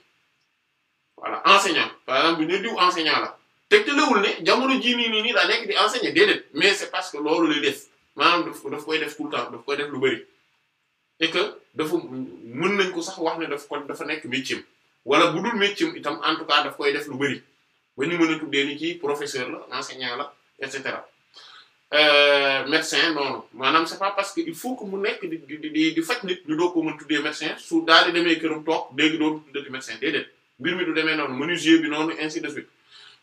voilà enseignant par exemple bi ne diw enseignant la tegtalewul ne jamono jii nii nii nii daa nekk di enseigner déedéet mais c'est parce que loolu lay def maanaam daf daf koy def tout daf koy def lu bari et que dafa mën nañ ko sax wax ne daf ko dafa nekk métier wala bu dul métier itam en tout cas daf koy def lu bari ba ñu mën a tuddee ni ci professeur la enseignant la et cetera. Euh, médecin noonu maanaam c'est pas parce que il faut que mu nekk di di di di faj nit ñu doo ko tuddee médecin su daal i demee këram toog dégg doo tuddee médecin déedéet mbir mi du demee noonu menuisier bi noonu ainsi de suite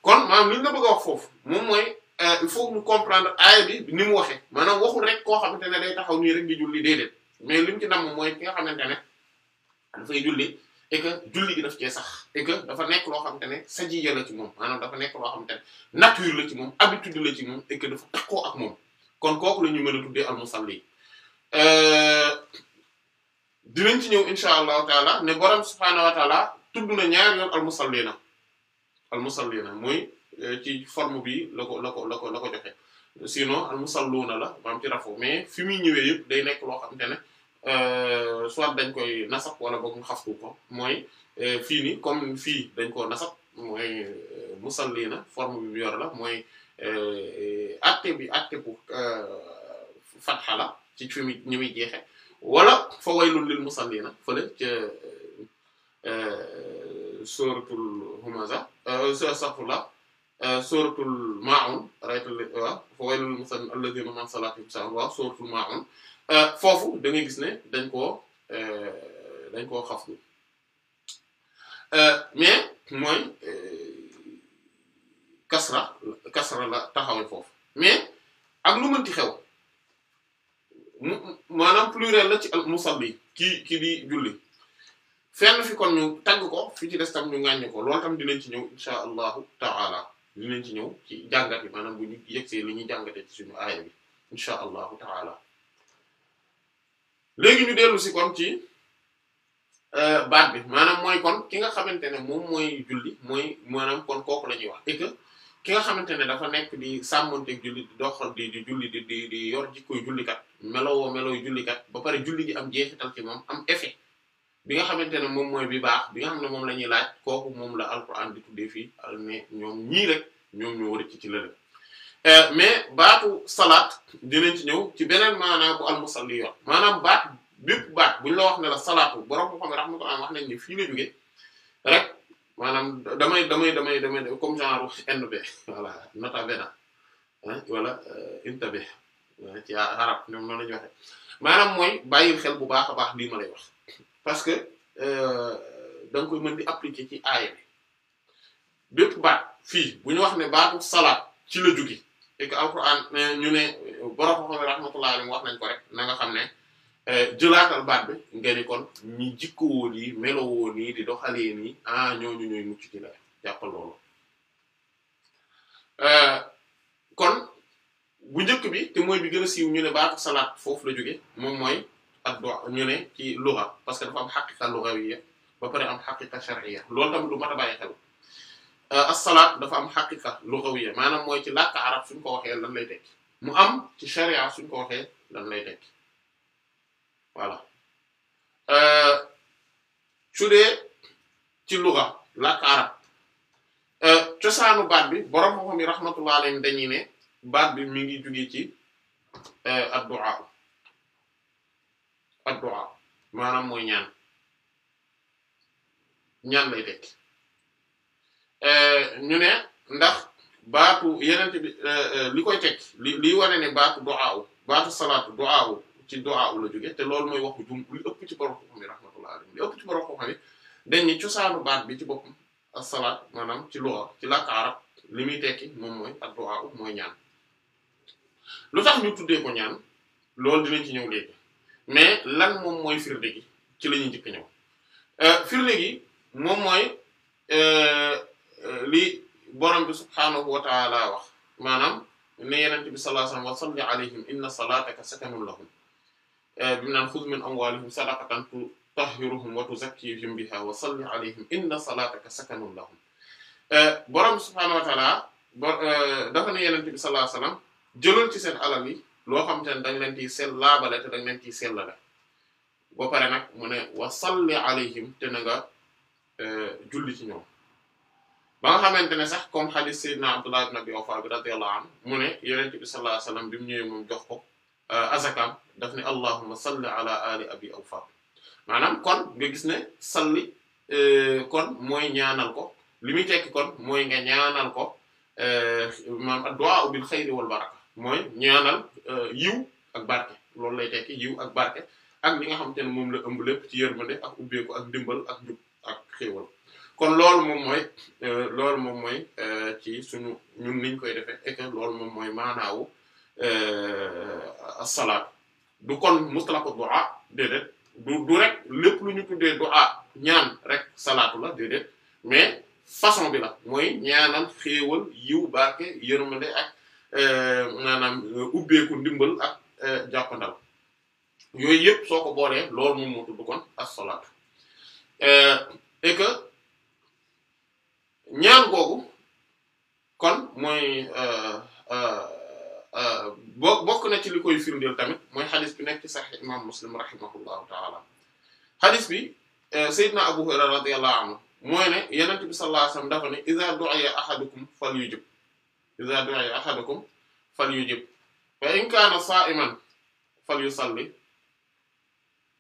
kon maanaam li ñu la wax foofu moom mooy euh, il faut que comprendre aaya bi ni mu waxee maanaam waxul rek koo xamante ne day taxaw nii rek di julli déedéet mais li mu ci nam mooy ki nga xamante ne dafay julli et que julli daf cee sax dafa nekk loo xamante ne sajiya la moom maanaam dafa nekk loo xamante ne nature la moom habitude la ci moom et que dafa takkoo ñu mën a tuddee al musalli euh, dinañ ci ñëw incha allahu taala ne borom subhaanahu wa taala tudd na ñaar yoon al na al musallina mooy euh, ci forme bi la ko la ko la ko la ko joxe sinon al la maam ci rafu mais fi muy ñëwee yëpp day nekk loo xamante ne. Euh, soit dañ koy nasab wala boog xaftu ko mooy euh, fii nii comme fii dañ koo nasab mooy euh, musallina forme bi mu yor la mooy acte bi acte bu fatxa ci fi muy ñi muy jeexe wala fa waylul lil musallina fële ca suratul humaza astaghfirullah suratul maun raytul wa fa waylul musallina alladhina min salatihim sahun wa suratul maun Euh, foofu da gis ne dañ koo euh, dañ koo xaf euh, mais mooy kasra kasra la taxawal foofu mais ak lu mënti xew mu maanaam pluriel la ci al musalli kii kii di julli fenn fi kon ñu tagg ko fi ci des tam ñu ŋàññi ko loolu tam dinañ ci ñëw insha allahu taala dinañ ci ñëw ci jàngat yi maanaam bu ñu yegsee li ñuy jàngate ci suñu aaya bi insha allahu taala léegi ñu dellu si kon ci euh, baat bi maanaam mooy kon ki nga xamante ne moom mooy julli mooy maanaam kon kooku la ñuy wax et ki nga xamante ne dafa nekk di sàmmanteeg julli di dox di di julli di di di yor jikkoy jullikat melowoo melooy jullikat ba pare julli gi am jeexital ci moom am effet bi nga xamante ne moom mooy bi baax bi nga xam ne moom la ñuy laaj kooku moom la alquran di tuddee fii al ne ñoom ñii rek ñoom ñoo war ci ci lële. Euh, mais baatu salaat dinañ ci ñëw ci beneen maanaam bu almusalli yor maanaam baat bépp baat buñ la wax ne la salaatu borom ko xam fii la rek maanaam damay damay damay damay comme genre NB voilà nota bena wala euh, intabe ci arab maanaam mooy bàyyil xel bu baax a baax lii ma lay wax parce que euh, da nga koy mën di appliquer ci aaya bi bépp baat fii bu ñu wax ne baatu salaat ci la jógee et que alquran ñu ne borom xam ne rahmatullahi alayhi wax nañ ko rek na nga xam ne eh, jëlaatal baat bi nga ni kon ñi jikkowoo yi melowoo nii di doxalee nii ah ñooñu ñooy mucc ci la jàppal loolu eh, kon bu njëkk bi te mooy bi gën a siiw ñu ne baatu salaat foofu la jóge moom mooy ak do ñu ne ci luxa parce que dafa am xaqiqa luxawiyya ba pare am xaqiqa shar'iyya loolu tamit lu mat a bàyyi Euh, as-salaat dafa am xaqiqa lughawiyya maanaam mooy ci làkk arab suñ ko lan lay tekki mu am ci sharia suñ ko lan lay tekki voilà euh, su dee ci lugha làkk arab euh, cosaanu baat bi borom xam-xam yi rahmatullah alayhim dañuy ne baat bi mu ngi jóge ci ad-du'a ad mooy ñaan ñaan lay tekki Euh, ñu ne ndax baatu yenente bi euh, euh, li koy teg li liy wane ne baatu du'aaw baatu salaatu du'aaw ci du'aaw la jóge te loolu mooy waxu jum li ëpp ci borom xam ni rahmatullah alayhi li ëpp ci borom dañ ni cosaanu baat bi ci boppam as-salaat maanaam ci luwa ci làkk arab li muy tekki moom mooy ak du'aaw mooy ñaan lu tax ñu tuddee ko ñaan loolu dinañ ci ñëw léegi mais lan moom mooy firnde gi ci la ñuy njëkk ñëw firnde gi moom mooy lii borom bi subhaanahu wa ta'ala wa maanaam ne yenente bi sallallahu alayhi wa sallam wa salli alayhim inna salataka sakanun lahum eh, bi naan xuz min amwalihim sadaqatan tutahhiruhum wa wa salli inna salataka sakanun lahum eh, borom bi subhaanahu wa ta'ala eh, dafa ne yenente bi sallallahu alayhi wa sallam jëlal ci seen alal yi loo xam te ne danga leen ciy sell laabale te danga leen ciy sellale ba pare nag mu ne wa salli alayhim te na nga ñoom ba nga xamante ne sax comme hadith Seydina Abdullah ibn Abi Awfa bi radiyallahu anhu mu ne yonent bi sallallahu alayhi wasallam bi mu ñëwee moom jox ko euh, azakam daf ne allahumma salli ala aw abi maanaam kon nga gis ne salli euh, kon mooy ñaanal ko li muy tekki kon mooy nga ñaanal ko euh, maam ad-du'a bil xayri wal mooy ñaanal yiw ak barke loolu lay tekki yiw ak barke ak li nga xamante ne moom la ëmb lépp ci ma ak ubbeeku ak dimbal ak jub ak xéewal kon loolu moom mooy euh, loolu moom mooy euh, ci suñu ñun niñ koy defee et loolu moom mooy maanaawu euh, asalaatu du kon mutlaq du'a déedéet du rek lépp lu ñu tuddee du'a ñaan rek salaatu la déedéet mais façon bi la mooy ñaanal xéewal yiw barke yërmande ak maanaam ubbeeku ndimbal ak jàppandal yooyu yëpp soo ko boolee loolu moom moo tudd kon asalaatu et que. ñaan googu kon mooy euh, euh, euh, bo bokk na ci li koy firndeel tamit mooy xadis bi nekk ci Sahih imam Muslim rahimahullahu ta'ala xadis bi Seydina Abu Hurayra radiyallahu anhu mooy ne Yonent bi sallallahu alayhi wasallam dafa ne iza du'iya ahadukum falyujib iza du'iya ahadukum falyujib fa in kaana saa'iman falyusalli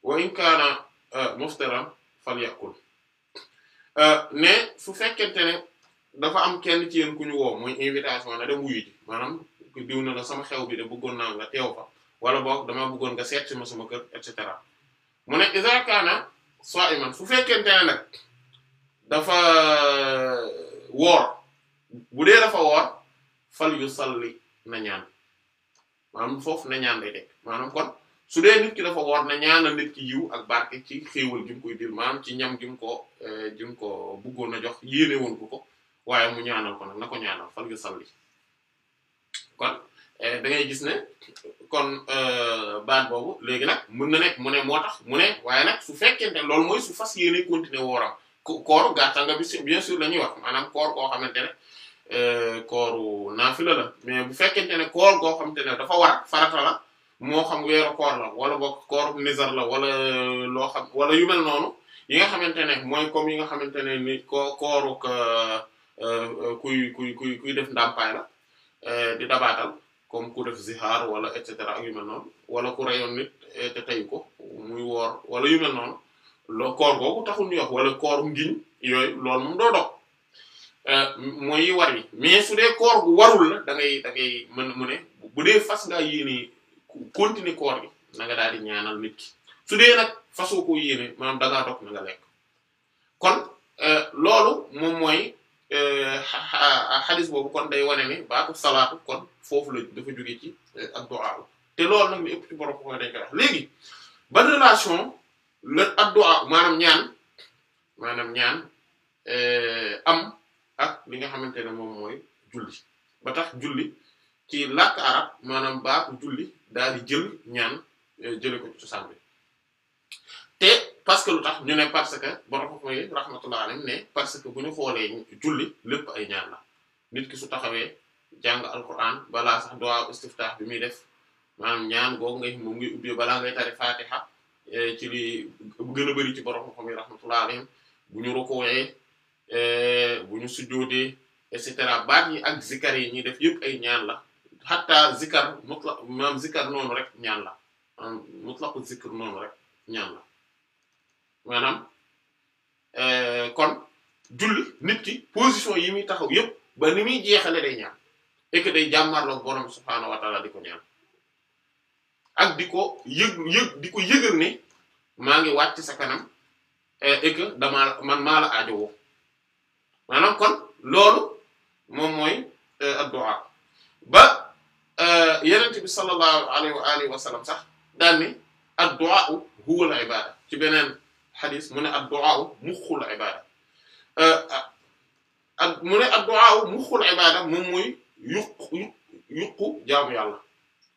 wa in kaana muftiran falyakul ne euh, fu fekkente ne dafa am kenn ci yéen ku ñu woo mooy invitation na dem wuyu ji maanaam diw na la sama xew bi de bëggoon naa nga teew fa wala boog damaa bëggoon nga seet si ma sama kër et cetera mu ne iza kaana sa'iman su fekkente ne nag dafa euh, woor bu dee dafa woor fal yusalli na ñaan maanaam foofu na ñaan day teg maanaam kon. su dee nit ki dafa woor na ñaanal nit ki yiw ak barke ci xéewal gi mu koy maam ci ñam gi ko euh, gi mu ko bëggoon a jox yéene woon ko ko waaye mu ñaanal ko nag na ko ñaanal fal nga salli kon euh, da gis ne kon euh, baat boobu léegi nag mën na nekk mu ne moo tax mu ne waaye nag su fekkente ne loolu mooy su fas yéene continuer wooram kooru gàttal nga bi bien sûr la wax maanaam koor koo xamante ne kooru naafila mais bu fekkente ne koor goo xamante ne dafa war farata la moo xam weeru koor la wala boog koor nizar la wala euh, loo wala yu mel noonu yi nga xamante ne mooy comme yi nga xamante ne ni ko kooru euh, euh, kuy kuy kuy def ndàmpaay la di dabaatal kom ku def zihaar wala et cetera ak yu mel noonu wala ku reyoon nit te tey ko muy woor wala yu mel noonu loo koor googu taxul ñu wax wala koor ngiñ yooyu loolu moom doo dog mooy yi war yi mais su dee koor gu warul la da ngay mu bu dee fas ngaa yéenee continuer koor gi na nga daal di ñaanal nit ki su dee nag fasoo koo yéene maanaam da ngaa dog lekk kon euh, loolu moom mooy euh, xadis boobu kon day wane ne baatu salaatu kon foofu la dafa jóge ci euh, ak du'a te loolu nag li ëpp ci borom ko dañ koy léegi ba relation la ak ñaan maanaam ñaan am ak li nga xamante ne moom mooy julli ba tax julli ci làkk arab maanaam baatu julli daal di jël ñaan euh, jële ko ci cosaan te parce que lu tax ñu ne parce que borom ko yi rahmatullah alayhi ne parce que bu ñu xoolee julli lépp ay ñaan la nit ki su taxawee jàng alquran balaa sax du'a istiftah bi muy def maanaam ñaan googu ngay moom ngay ubbee balaa ngay tari fatiha euh, ci li gën a bari ci borom ko yi rahmatullah alayhi bu ñu rukkooyee euh, bu ñu sujjóotee et cetera baat yi ak zikar yi ñuy def yëpp ay ñaan la xatta zikar mutlaq maanaam zikar noonu rek ñaan la maanaam mutlaqu zikr noonu euh, kon julli nit ki position yi muy taxaw yépp ba ni muy jeexale day ñaan et que day jàmmarloog borom subhaanahu di ko ñaan ak di ko yëg yëg di ko yëgal ne maa ngi wàcc sa kanam euh, et que damaa man maa la aajowoo maanaam kon loolu moom mooy euh, ad ba Euh, yenent bi sallallahu alayhi wa alihi wa sallam sax daal ni ad huwa al-ibada ci beneen xadis mu ne ad-du'a muxul ibada euh, ak mu ne ad-du'a muxul ibada yuq jaamu yàlla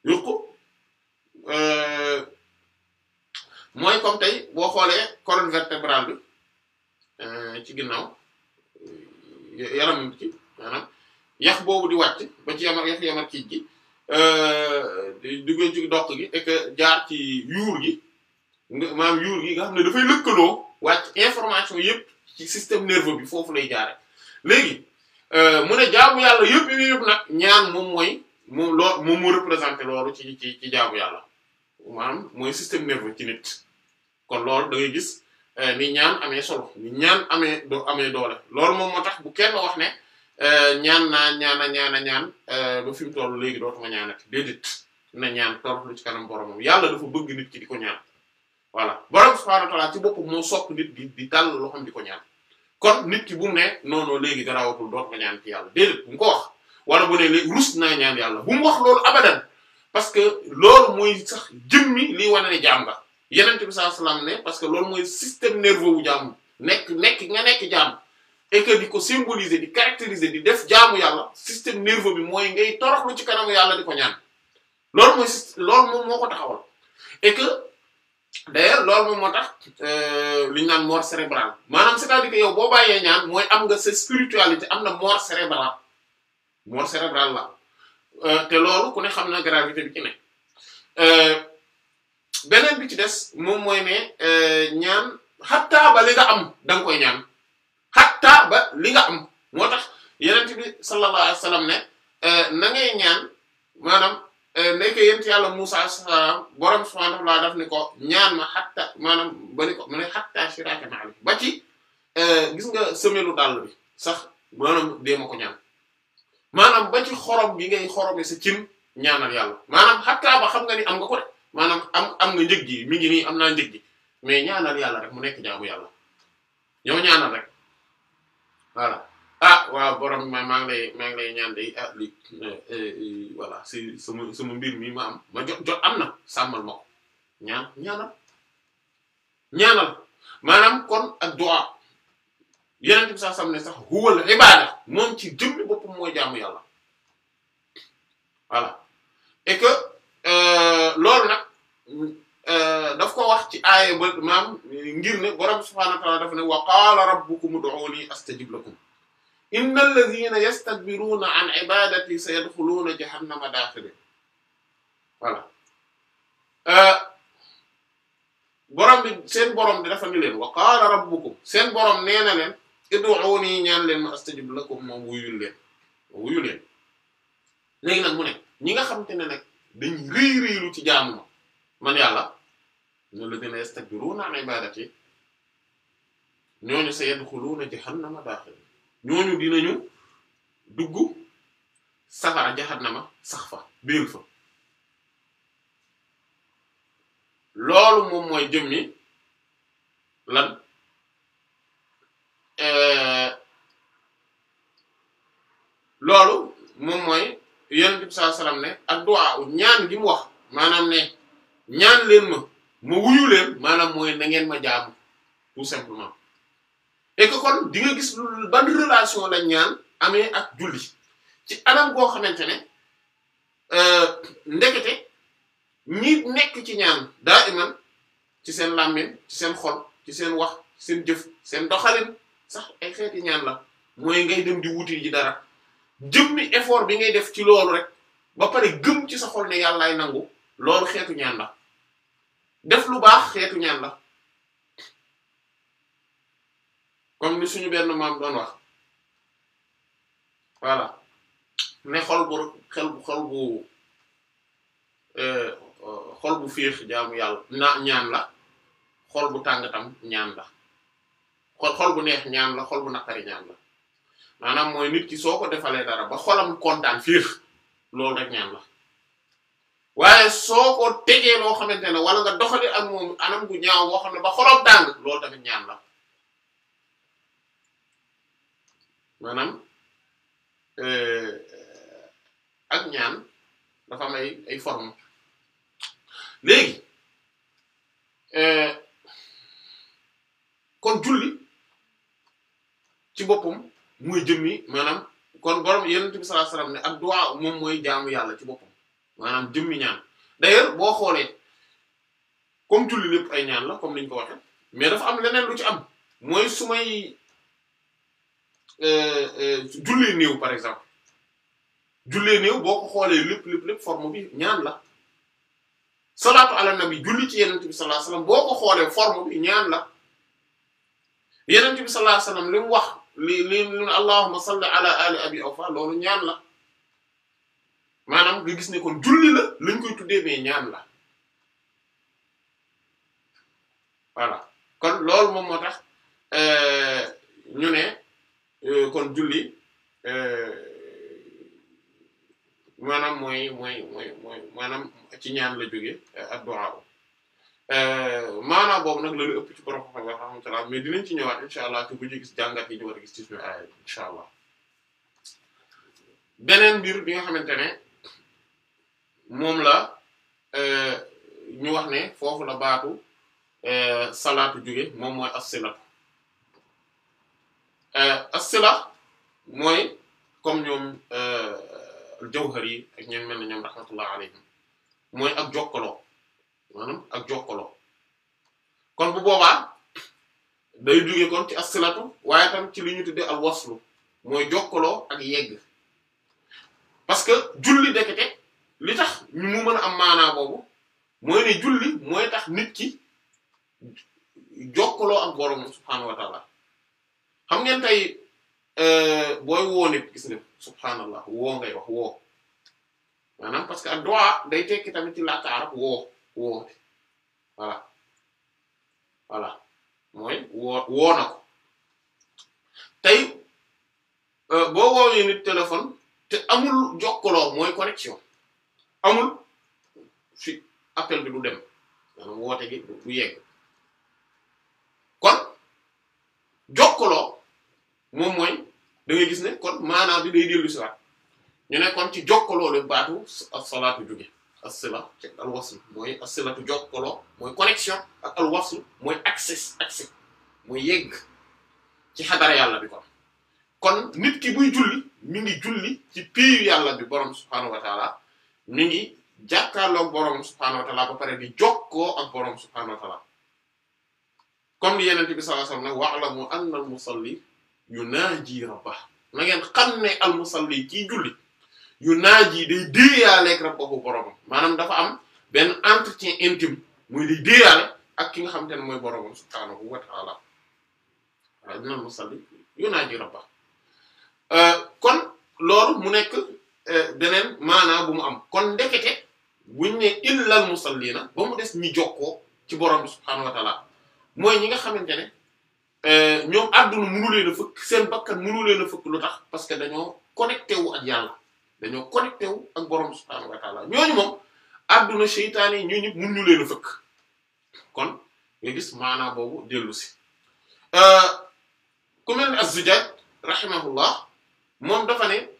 yuqu euh, mooy comme tey boo xoolee colonne vertébrale bi ci ginnaaw yaram ci yax boobu di wàcc ba ci yamar yax yamar kiij gi Euh, duggee ci doq gi et jaar ci yuur gi maanaam yuur gi nga xam ne dafay lëkkaloo wàcc information yépp ci système nerveux bi foofu lay jaare léegi euh, mu ne jaamu yàlla yépp yi yépp nag ñaan moom mooy moom loo moom mu représenté loolu ci ci ci jaamu yàlla maanaam mooy système nerveux ci nit kon loolu da gis euh, ni ñaan amee solo ni ñaan amee do amee doole loolu moom moo tax bu kenn wax ne Euh, ñaan naa ñaan a ñaan ñaan euh, ba fi mu toll léegi dootuma ñaanati déedéet na ñaan toroxlu ci kanam boromam yàlla dafa bëgg nit ki di ko ñaan voilà borom subhaanahu wa ta'aala ci boppam moo sopp nit di di tàll loo xam di ko ñaan kon nit ki bu ne non non léegi garaawatul dootuma ñaan ci yàlla déedéet bu mu ko wax wala bu léegi rus naa ñaan yàlla bu mu wax loolu abadan parce que loolu mooy sax jëmmi lii wane ne jaam nga yeneen bi sallallahu alayhi wasallam ne parce que loolu mooy système nerveux bu nekk nekk nekk jaam. et que di ko symboliser di caractériser di def jaamu yàlla système nerveux bi mooy ngay toroxlu ci kanamu yàlla di ko ñaan loolu mooy loolu moom moo ko taxawal et que d'ailleurs loolu moom moo tax euh, li ñu naan mort cérébrale maanaam c'est-à-dire que ñaan mooy am nga sa spiritualité am na mort cérébrale mort cérébrale la euh, te loolu ku ne xam na gravité bi ci ne euh, beneen bi ci des moom mooy ne ñaan xattaa ba li am da koy ñaan hatta ba li nga am moo tax yenent bi sallallahu wa sallam ne eh, na ngay ñaan maanaam eh, nekk yent yàlla Musa salaam borom subhanahu wa ta'ala ko ñaan ma maanaam ba ni ko mu ne hatta shiraka ma'ali ba ci eh, gis nga semelu dàll bi sax maanaam dee ko ñaan maanaam ba ci xorom gi ngay xorome sa cin ñaanal yàlla maanaam hatta ba xam nga ni am nga ko de maanaam am am nga njëg ji mi ngi nii am naa njëg ji mais ñaanal yàlla rek mu nekk jaamu yàlla yow ñaanal rek voilà ah waaw borom maa ngi lay maa ngi lay ñaan day ah, eh, eh, eh, si sama sama mbir mi ma am ma jot jot am na sàmmal ma ko ñaanal ñaanal maanaam kon ak du'a yeneen bi sax sam ne sax huwal ibada moom ci jëmmi boppam mooy jaamu yàlla voilà et que euh, loolu Euh, daf ko wax ci aaya ba maam ngir ne borom subhaanahu wa ta'aala dafa ne wa qaala rabbukum ud'uuni astajib lakum inna alladhiina yastakbiruuna an ibaadati sayadkhuluuna jahannama daakhiriin voilà euh, borom seen borom di dafa ni leen wa qaala rabbukum seen borom nee na leen ud'uuni ñaan leen ma astajib lakum moom wuyul leen leen nag mu ne ñi nga xam te ne nag dañ réy réylu ci jaamu ma man yàlla alladhina yastakbiruna an ibadati ñooñu sayadkhuluna jahannama dakhir ñooñu dinañu dugg safara jahannama sax fa biir fa loolu moom mooy jëmmi lan euh, loolu moom mooy yonent bi sallallahu alayhi wasallam ñaan gi mu wax maanaam ne ñaan leen ma ma wuyu leen maanaam mooy na ngeen ma jaamu tout simplement et que kon di nga gis ban relation la ñaan amee ak julli ci anam goo xamante ne euh, ndekete ñi nekk ci ñaan daa iman ci seen làmmiñ ci seen xol ci seen wax seen jëf seen doxalin sax ay xeeti ñaan la mooy ngay dem di wuti ji dara jëmmi effort bi ngay def ci loolu rek ba pare gëm ci sa xol ne yàllaay nangu loolu xeetu ñaan la def lu baax xeetu ñaan la comme ni suñu benn maam doon wax voilà ne xol bu xel bu xol bu euh, xol bu féex jaamu yàlla na ñaan la xol bu tàng tam ñaan la xol xol bu neex ñaan la xol bu naqari ñaan la maanaam mooy nit ki soo ko defalee dara ba xolam kontaan féex loolu rek ñaan la waaye soo ko tegee loo xamante ne wala nga doxali ak moom anam gu ñaaw boo xam ne ba xolom tàng loolu tamit ñaan la maanaam eh, ak ñaan dafa am ay ay léegi eh, kon julli ci boppam muy jëmmi maanaam kon borom Yonent bi sallallahu alayhi ne ak du'a moom mooy jaamu yàlla ci boppam maanaam jëmmi ñaan d'ailleurs boo xoolee comme julli lépp ay ñaan la comme niñ ko waxee mais dafa am leneen lu ci am mooy su may euh, euh, jullee néew par exemple jullee néew boo ko xoolee lépp lépp lépp forme bi ñaan la salaatu ala nabi julli ci yenent bi sallallahu alayhi wasallam boo ko xoolee forme bi ñaan la yeneen bi sallallahu alayhi wasallam li mu wax li li allahumma salli ala ali abi awfa loolu ñaan la maanaam nga gis ne kon julli la lañ koy tuddee mais ñaan la voilà kon loolu moom moo tax euh, ñu ne euh, kon julli euh, maanaam mooy mooy mooy maanaam ci ñaan la jóge ak du'a maanaam boobu nag la lu ëpp ci borom xam alhamdulilah mais dinañ ci ñëwaat incha allah te bu ñu gis jàngat yi ñu war gis ci suñu aaya incha allah beneen mbir bi nga xamante ne. moom la euh, ñu wax ne foofu la baatu euh, salaatu jóge moom mooy as-silatu euh, as-sila mooy comme ñoom al yi ak ñeen mel ne ñoom rahmatullah alayhim mooy ak jokkaloo ak jokkaloo kon bu booba day jóge kon ci as-silatu waaye tam ci li ñu tuddee al waslu mooy jokkaloo ak yegg parce que julli dekete li tax ñu mu mën a am maanaa boobu mooy ne julli mooy tax nit ki jokkaloo ak borom subhaanahu wa taala xam ngeen tey euh, booy woo nit gis ne subhaanallah woo ngay wax woo maanaam parce que ak du'a day tekki tamit ci làkk woo woo voilà voilà mooy woo na ko tey euh, boo woowee téléphone te amul jokkaloo mooy connexion amul fi appel bi du dem maanaam woote gi du yegg kon jokkaloo moom mooy da gis ne kon maanaam bi day dellu si waat ñu ne kon ci jokkaloo la baatu as-salaatu jóge as-sila ci al-wasl mooy mooy connexion ak al mooy accès accès mooy yegg ci xadara yàlla bi kon kon nit ki buy julli mi ngi julli ci piyu yàlla bi borom subhaanahu mi ngi jàkkaarloog borom subhaanahu wa ta'ala ba pare di jokkoo ak borom subhaanahu wa ta'ala comme li yeneen bi sallallahu alayhi wa sallam wa'lamu anna al-musalli yunaaji rabbah na ngeen xam ne al-musalli kii julli yunaaji day déeyaaleeg rabbahu maanaam dafa am benn entretien intime muy di déeyaale ak ki nga xam ne mooy boromam subhaanahu wa ta'ala waaye dina al-musalli yunaaji rabbah euh, kon loolu mu nekk. Euh, beneen maanaa bu mu am kon ndekete buñ ne illal musallina ba mu des ñi jokkoo ci borom bi subhaanahu mooy ñi nga xamante ne euh, ñoom àdduna mënu leen a fëkk seen bakkan mënu leen fëkk parce que dañoo connecté wu ak yàlla dañoo connecté wu ak borom àdduna seytaan yi ñu ñëpp mënuñu kon nga gis maanaa boobu dellu si euh, ku mel ne moom dafa ne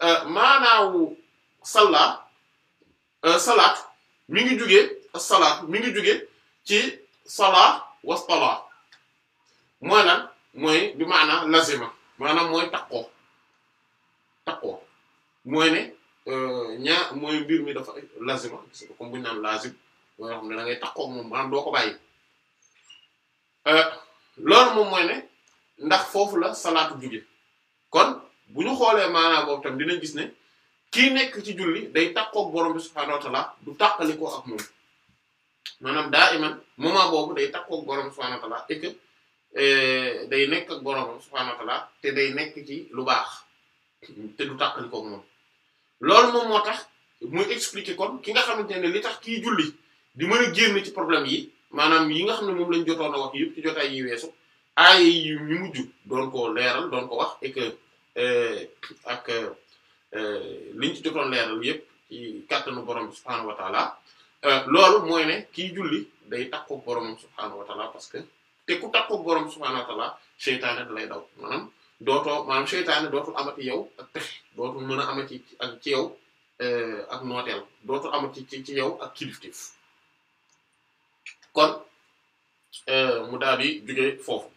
Euh, maanaawu salla euh, salaat mi ngi jugee salaat mi ngi jugee ci sala wastala mooy lan mooy bi maana lazima maanaam mooy takkoo takkoo mooy ne euh, ñaa mooy mbir mi dafa lasima comme bu ñu naan lazim mooy xam ne ngay takkoo moom maanaam doo ko bàyyi loolu moom mooy ne ndax foofu la salaatu jugee kon bu ñu xoolee maanaam boobu tam dinañ gis ne kii nekk ci julli day takkook borom bi subhaanahu wa ta'ala du takkali ak moom maanaam daa iman moment boobu day takkook borom bi subhaanahu wa eh, day nekk ak borom subhaanahu wa te day nekk ci lu baax te du takkali ko ak moom loolu moom moo tax muy expliquer kon ki nga xamante ne li tax kii julli di mën a génn ci problème yi maanaam yi nga xam ne moom lañ jotoon a wax yëpp ci jotaay yi weesu aay yi ñu mujj doon ko leeral doon wax Euh, ak euh, liñ ci jotoon leeral yëpp ci kàttanu borom subhaanahu wa euh, loolu mooy ne kii julli day takkook borom subhaanahu wa parce que te ku takkook borom subhaanahu wa taala seytaane lay daw maanaam dootoo maanaam seytaane dootul amati yow ak pexe dootul mën a amati ak ci yow ak nooteel dootul amati ci ci yow ak kiliftif kon mu daal di foofu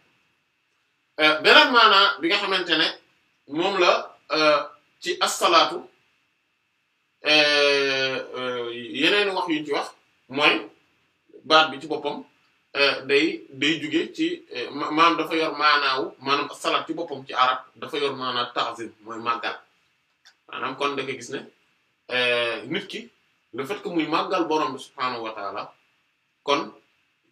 beneen maanaa bi nga xamante ne moom la euh, ci asalaatu euh, euh, yeneen wax yu ñu ci wax mooy baat bi ci boppam day day jóge ci maanaam dafa yor maanaawu maanaam asalaat ci boppam ci arab dafa yor maanaa ta'zim mooy màggal maanaam kon da gis ne nit ki le fait que muy màggal borom bi subhaanahu wa kon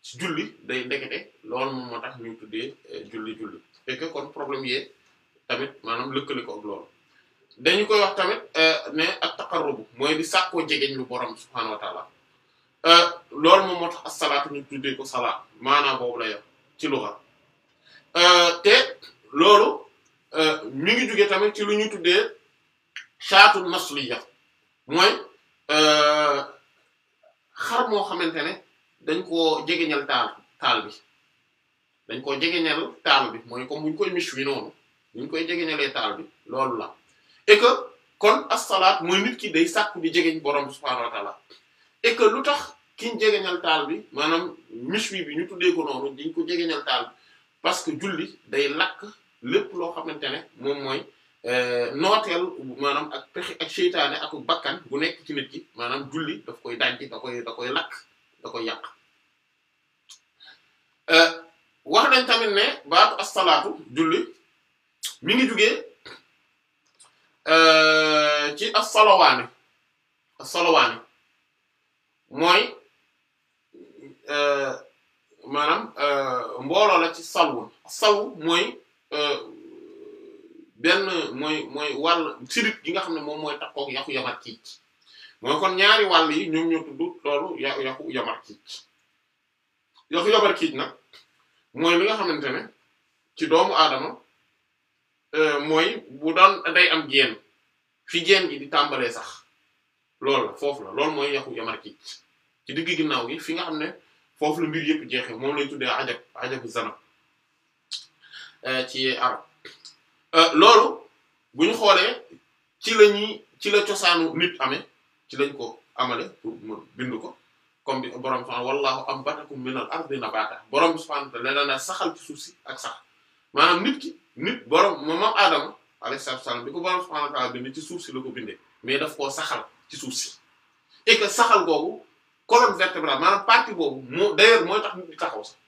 julli day ndekete loolu moom moo tax ñu tuddee julli julli fekk kon problème yee tamit maanaam lëkkale ko ak loolu dañu koy wax tamit euh, ne ak taqarrubu mooy di sàkkoo jegeñ lu borom subhaanahu wa taala euh, moom moo tax as-salaatu ñu tuddee ko salaat maanaam boobu la ci luxa euh, te loolu mi ngi jóge tamit ci lu ñu tuddee shaatul masliya mooy xar moo xamante ne dañ ko jegeñal taal taal bi dañ koo jegeñal taal bi mooy comme buñ koy miche wi noonu ñu koy jegeñalee taal bi loolu la et kon as-salaat mooy nit ki day sàkku di jegeñ borom subhaanahu wa ta'ala lu tax kiñ jegeñal taal bi maanaam mishwi bi ñu tuddee ko noonu dañ ko jegeñal taal bi parce que julli day lakk lépp loo xamante ne moom mooy euh, nooteel maanaam ak pexe ak seytaane ak bakkan bu nekk ci nit ki maanaam julli daf koy dajji da koy da koy lakk da koy yàq euh, wax nañ tamit ne baatu as julli mi ngi jugee euh, ci as-salawaani as-salawaani mooy euh, maanaam euh, mbooloo la ci salwu salwu mooy benn mooy mooy wàll sirit gi nga xam ne moom mooy takkook yaxu yamar kiic mooy kon ñaari wàll yi ñoom ñoo tudd loolu yamar kiic yaxu yamar kiic nag mooy li nga xamante ne ci doomu aadama Euh, mooy bu daan day am génn fi génn gi di tàmbalee sax lool la foofu la lool mooy yaxu yamar ki ci digg ginnaaw gi fi nga xam ne foofu la mbir yëpp jeexe moom lañ tuddee ajab ajabu zanab euh, ci arab euh, loolu bu ñu xoolee ci la ci la cosaanu nit ame ci lañ ko amale pour mu bind ko comme bi borom subhanahu wallahu ambatakum minal ardi nabata borom subhanahu wa ta'ala saxal ci suuf si ak sax maanaam nit ki. nit borom moom moom Adama alayhi salaatu wa bi ko borom subhaanahu wa bind ci suuf si la ko bindee mais daf koo saxal ci suuf si et que saxal boobu colonne vertébrale maanaam partie boobu moo d'ailleurs mooy tax nit ñi taxaw sax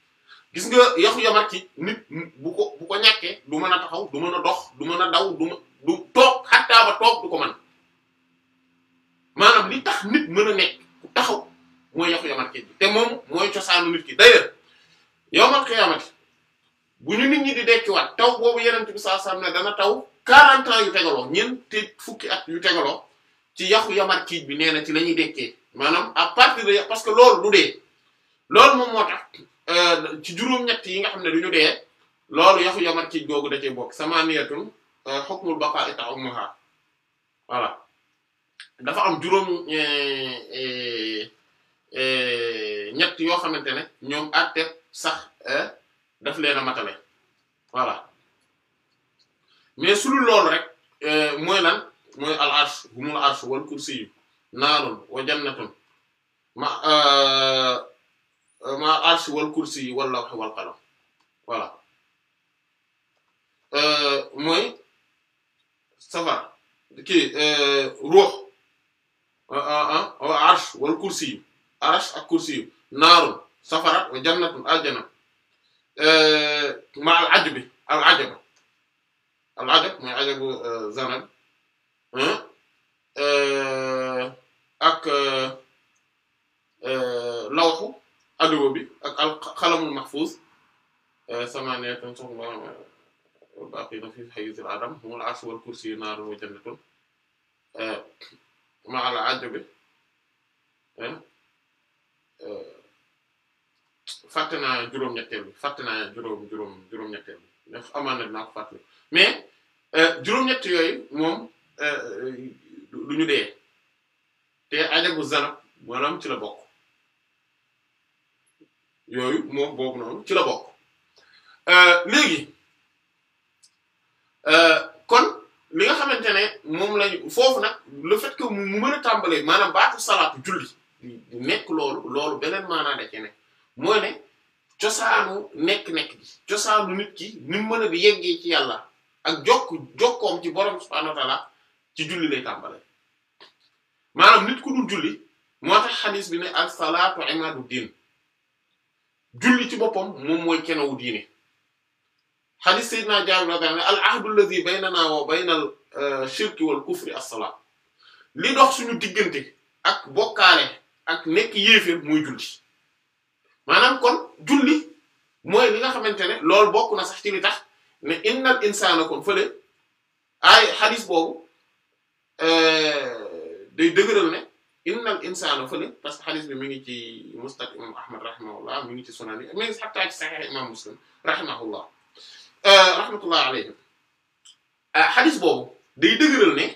gis nga yox yamat ci nit bu ko ko ñàkkee du mën a taxaw du mën a dox du mën a daw du du toog xattaa ba toog du ko mën maanaam li nit mën a nekk ku taxaw mooy yox yamat ci te moom mooy cosaanu nit ki d'ailleurs yowmal qiyaamati bu ñu nit ñi di dekkiwaat taw boobu yenent bi sallallahu alayhi wasallam ne dana taw 40 ans yu tegaloo ñeenti fukki at yu tegaloo ci yaxu yamar kiij bi nee na ci lañuy ñuy dekkee maanaam à de parce que loolu du dee loolu moom moo tax euh, ci juróom-ñett yi nga xam ne du dee loolu yaxu yamar kiij googu da bokk samaniyatun euh, hukmul baqa'i ta'muha voilà dafa am juróom euh, yoo xamante ne ñoom àtte sax def leen a matale voilà mais su dul rek euh, mooy lan mooy al arsh humul arsh wal kursiyyu naarun wa jannatun ma euh, ma wal kursiyyu wal lawh wal qalam voilà mooy safar kii ruux arsh wal kursiyyu euh, ah, ah, ah, arsh ak kursiyyu naarun safara wa jannatun aljana Euh, ma al ajab bi al ajab al ajab mooy ajabu euh, zanab euh, ak lawxu aduwa bi ak al xalamul mahfuz samaaniyatan soxla baaqina fi hayyizil adam wal arsh wal kursi naarun wa jannatun ma al ajab fàtte naa juróom-ñetteel bi fàtte naa juróom juróom juróom-ñetteel bi na dinaa ko fàtte mais euh, juróom-ñett yooyu moom euh, du ñu dee te ajabu zanab maanaam ci la bokk yooyu moom boobu noonu ci la bokk euh, léegi kon li nga xamante ne moom lañu foofu nag le fait que mu mën a tàmbalee maanaam baatu salaatu julli nekk loolu loolu beneen maanaa da ci nekk mooy ne cosaanu nekk-nekk bi cosaanu nit ki ni mu mën a bi yeggee ci yàlla ak jokk jokkoom ci borom subhaanahu wa ta'ala ci julli lay tàmbale maanaam nit ku dul bi ne ak salaatu ci boppam moom mooy kenewu diine xadis sayyidina Jaabir radiyallahu anhu al ahdu alladhi baynana wa baynal euh, shirki wal kufri as-salaat li dox suñu diggante ak bokkaale ak nekk yéeféer mooy julli maanaam kon julli mooy nga xamante ne loolu bokk na sax ci li tax ne innal insaana kon fële ay xadis boobu euh, day dëgëral ne que xadis mi ngi ci mustad imam ahmad rahimahullah ngi ci sunan yi mi ngi xattaa ci saxiix imam muslim rahimahullah euh, rahmatullah alayhim euh, xadis boobu day dëgëral ne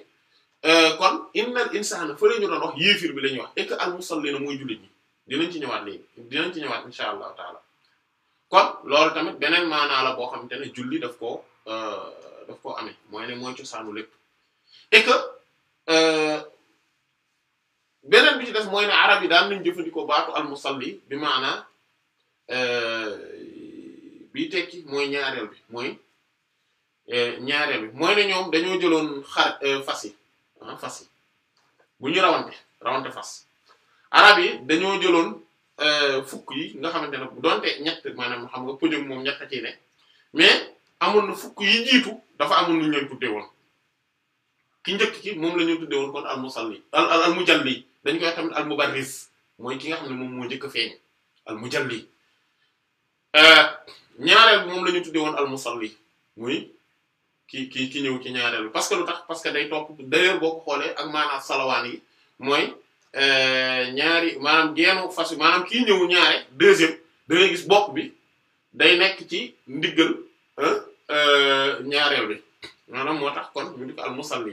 kon innal insaana fële ñu doon wax yéefir bi la ñuy wax et que al musallina mooy jullit ñi dinañ ci ñëwaat léegi dinañ ci ñëwaat incha allahu taala kon loolu tamit beneen maanaa la boo xamante ne julli daf koo euh, daf koo amee mooy ne mooy cosaanu lépp et euh, beneen bi ci des mooy ne arab yi daan nañ jëfandikoo baatu almusalli bi maanaa euh, bi tekki mooy ñaareel bi mooy ñaareel bi mooy ne ñoom dañoo jëloon xar fas ah, rawante rawante fas arab yi dañoo jëloon euh, fukk yi nga xamante ne donte ñett maanaam xam nga pëjum moom ñett ci ne mais amoon na fukk yi jiitu dafa amoon lu ñu leen tuddee woon ki njëkk ci moom la ñu tuddee woon kon al musalli al al mujalli dañ koy tamit al mubarris mooy ki nga xam ne moom moo njëkk a feeñ al mujalli euh, ñaareel bi la ñu tuddee woon al musalli muy ki ki ki ñëw ci ñaareel bi parce que lu tax parce que day topp d'ailleurs boo ko xoolee ak maana salawaan yi mooy. Euh, ñaari maanaam geenu fas yi maanaam kii ñëw ñaare deuxième da ngay gis bopp bi day nekk ci ndiggal euh, ñaareel bi maanaam moo tax kon ñu di ko almusalli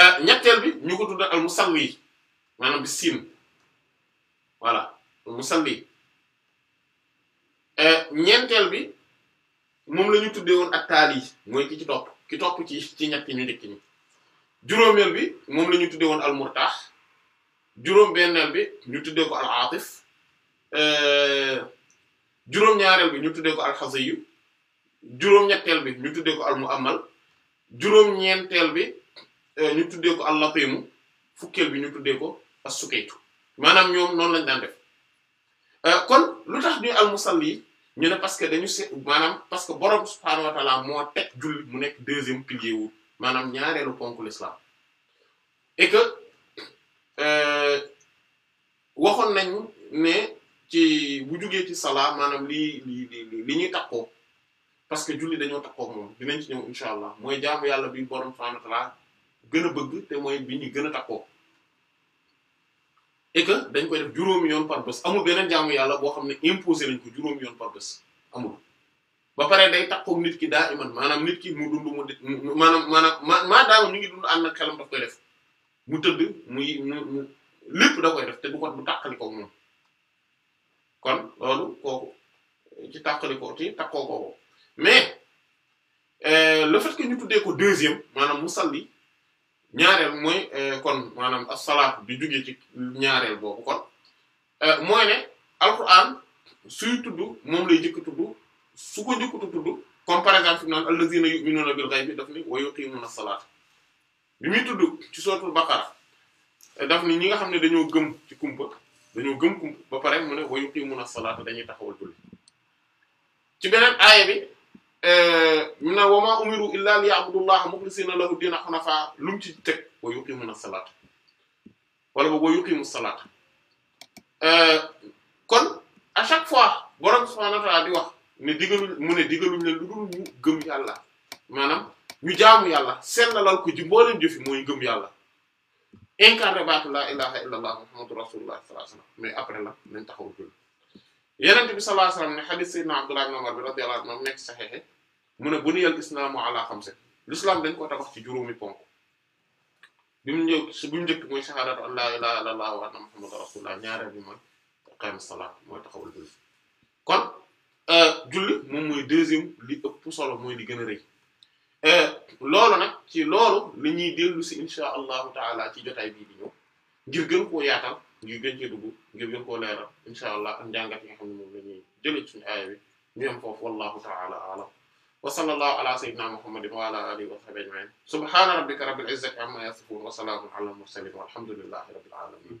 euh, ñetteel bi ñu ko tudda almusalli maanaam bi siin voilà almusalli ñeenteel bi moom la ñu woon ak taal yi mooy ki ci topp ki topp ci ci ñetti ñu njëkk ñi juróomeel bi moom la ñu tuddee woon al murtaax juróom-benneel bi ñu tuddee ko al aatif euh, juróom bi ñu tuddee ko al xasayu juróom-ñetteel bi ñu tuddee ko al muammal juróom-ñeenteel bi euh, ñu tuddee ko al latimu fukkeel bi ñu tuddee ko as sukaytu maanaam ñoom noonu lañ daan def euh, kon lu tax ñuy al musalli ñu ne parce que dañu se maanaam parce que borom subhaanahu wa ta'ala moo teg julli mu nekk deuxième pilier maanaam ñaareelu ponk l'islam et que euh, waxoon nañu ne ci bu jugee ci salaa maanaam lii li li li ñuy takkoo parce que julli dañoo takkoo moom dinañ ci ñëw incha allah mooy jaamu yàlla bi borom subhanahu wa ta'ala gën a bëgg te mooy bi ñu gën a takkoo et dañ koy def juróomi yoon par bés amul beneen jaamu yàlla boo xam ne imposé nañ ko juróomi yoon par bés amul ba pare day takkoog nit ki daa iman maanaam nit ki mu dund mu di maanaam maanaam maa daama mi ngi dund ànd ak xelam daf koy def mu tëdd muy mu lépp da koy def te du ko du takkali koog moom kon loolu kooku ci ko ci takkoo kooku mais euh, le fait que ñu tuddee ko deuxième maanaam musalli ñaareel mooy euh, kon maanaam as-salaat bi jógee ci ñaareel boobu kon euh, mooy ne alquran suy tudd moom lay jëkk tudd su ko njëkkutu tudd comme par exemple fi mu naan allazina yu'minuna bil ghaybi daf ni wa yuqimuna salaata bi muy tudd ci sootul baqara daf ni ñi nga xam ne dañoo gëm ci kumpa dañoo gëm kumpa ba pare mu ne wa yuqimuna salaata dañuy taxawal julli ci beneen aaya bi euh, mu ne wa ma umiru illa liya'budullaha mukhlisina lahu diina hunafa lu mu ci teg wa yuqimuna salaata wala boog wa yuqimu salaata euh, kon à chaque fois borom subhanahu wa ta'ala di wax. ne digaluñ mu ne digaluñ lu dul gëm yàlla maanaam ñu jaamu yàlla sellalal ko ci mbooleem jëfi mooy gëm yàlla incarné baatu laa ilaha illa muhammadu rasulullah sallallahu alayhi wasallam mais après la nañ taxaw jël bi sallallahu alayhi wasallam ne hadith sayyidina abdullah ibn umar bi radiyallahu anhu nekk saxeexe mu ne buniyal dañ ko tabax ci juróomi ponk bi mu ñëw bu njëkk mooy shahadatu an laa ilaha illa allah wa anna muhammadan rasulullah ñaareel bi mooy salaat mooy taxawal jël kon Euh, julli moom mooy deuxième li ëpp mooy li gën a rëy euh, loolu nag ci loolu la ñuy dellu si insha allah taala ci jotaay bii di ñëw ngir gën koo yaatal ngir gën cee dugg ngir gën koo allah ak njàngat yi nga xam ne moom la ñuy jëlee suñu bi ñu am foofu wallahu taala alam wa sallallahu ala sayyidina wa ala wa sahbihi ajma'in subhana rabbika rabbil izzati wa salamun ala al mursalin walhamdulillahi alamin